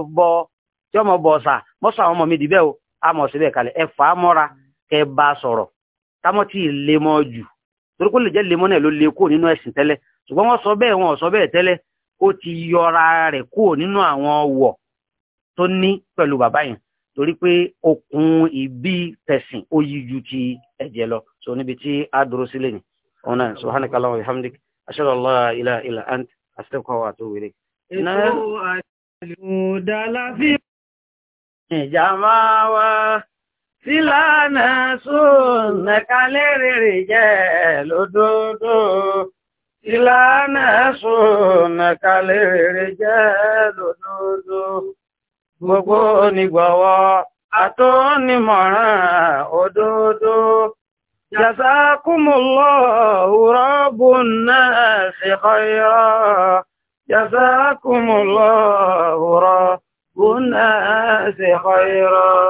bọ ọ̀sà mọ́ sọ àwọn ọmọ mi dì o a mọ̀ síbẹ̀ kalẹ̀ ẹ fà á mọ́ra kẹ́ bá sọ̀rọ̀ kámọ́ tí ì lé jù torí lè jẹ́ lé náà ló lé kúrò nínú ẹ̀sìn tẹ́lẹ̀ ṣùgbọ́n wọ́n sọ bẹ́ẹ̀ wọn ò sọ bẹ́ẹ̀ tẹ́lẹ̀ ó ti yọra rẹ̀ kúrò nínú àwọn wọ̀ tó ní pẹ̀lú bàbá yẹn torí pé okùn ìbí tẹ̀sìn ó yí ju ti ẹ̀jẹ̀ lọ so níbi tí a dúró sílẹ̀ ni ọ̀nà wa sílànà sùn kalẹ̀ rèrè jẹ́ lódodo sílànà sùn kalẹ̀ rèrè jẹ́ lódodo gbogbo onígbọ̀wọ́ àtọ́nimọ̀ràn òdodo jazakumullahu rabbun nasi khayra jazakumullahu rabbun nasi khayra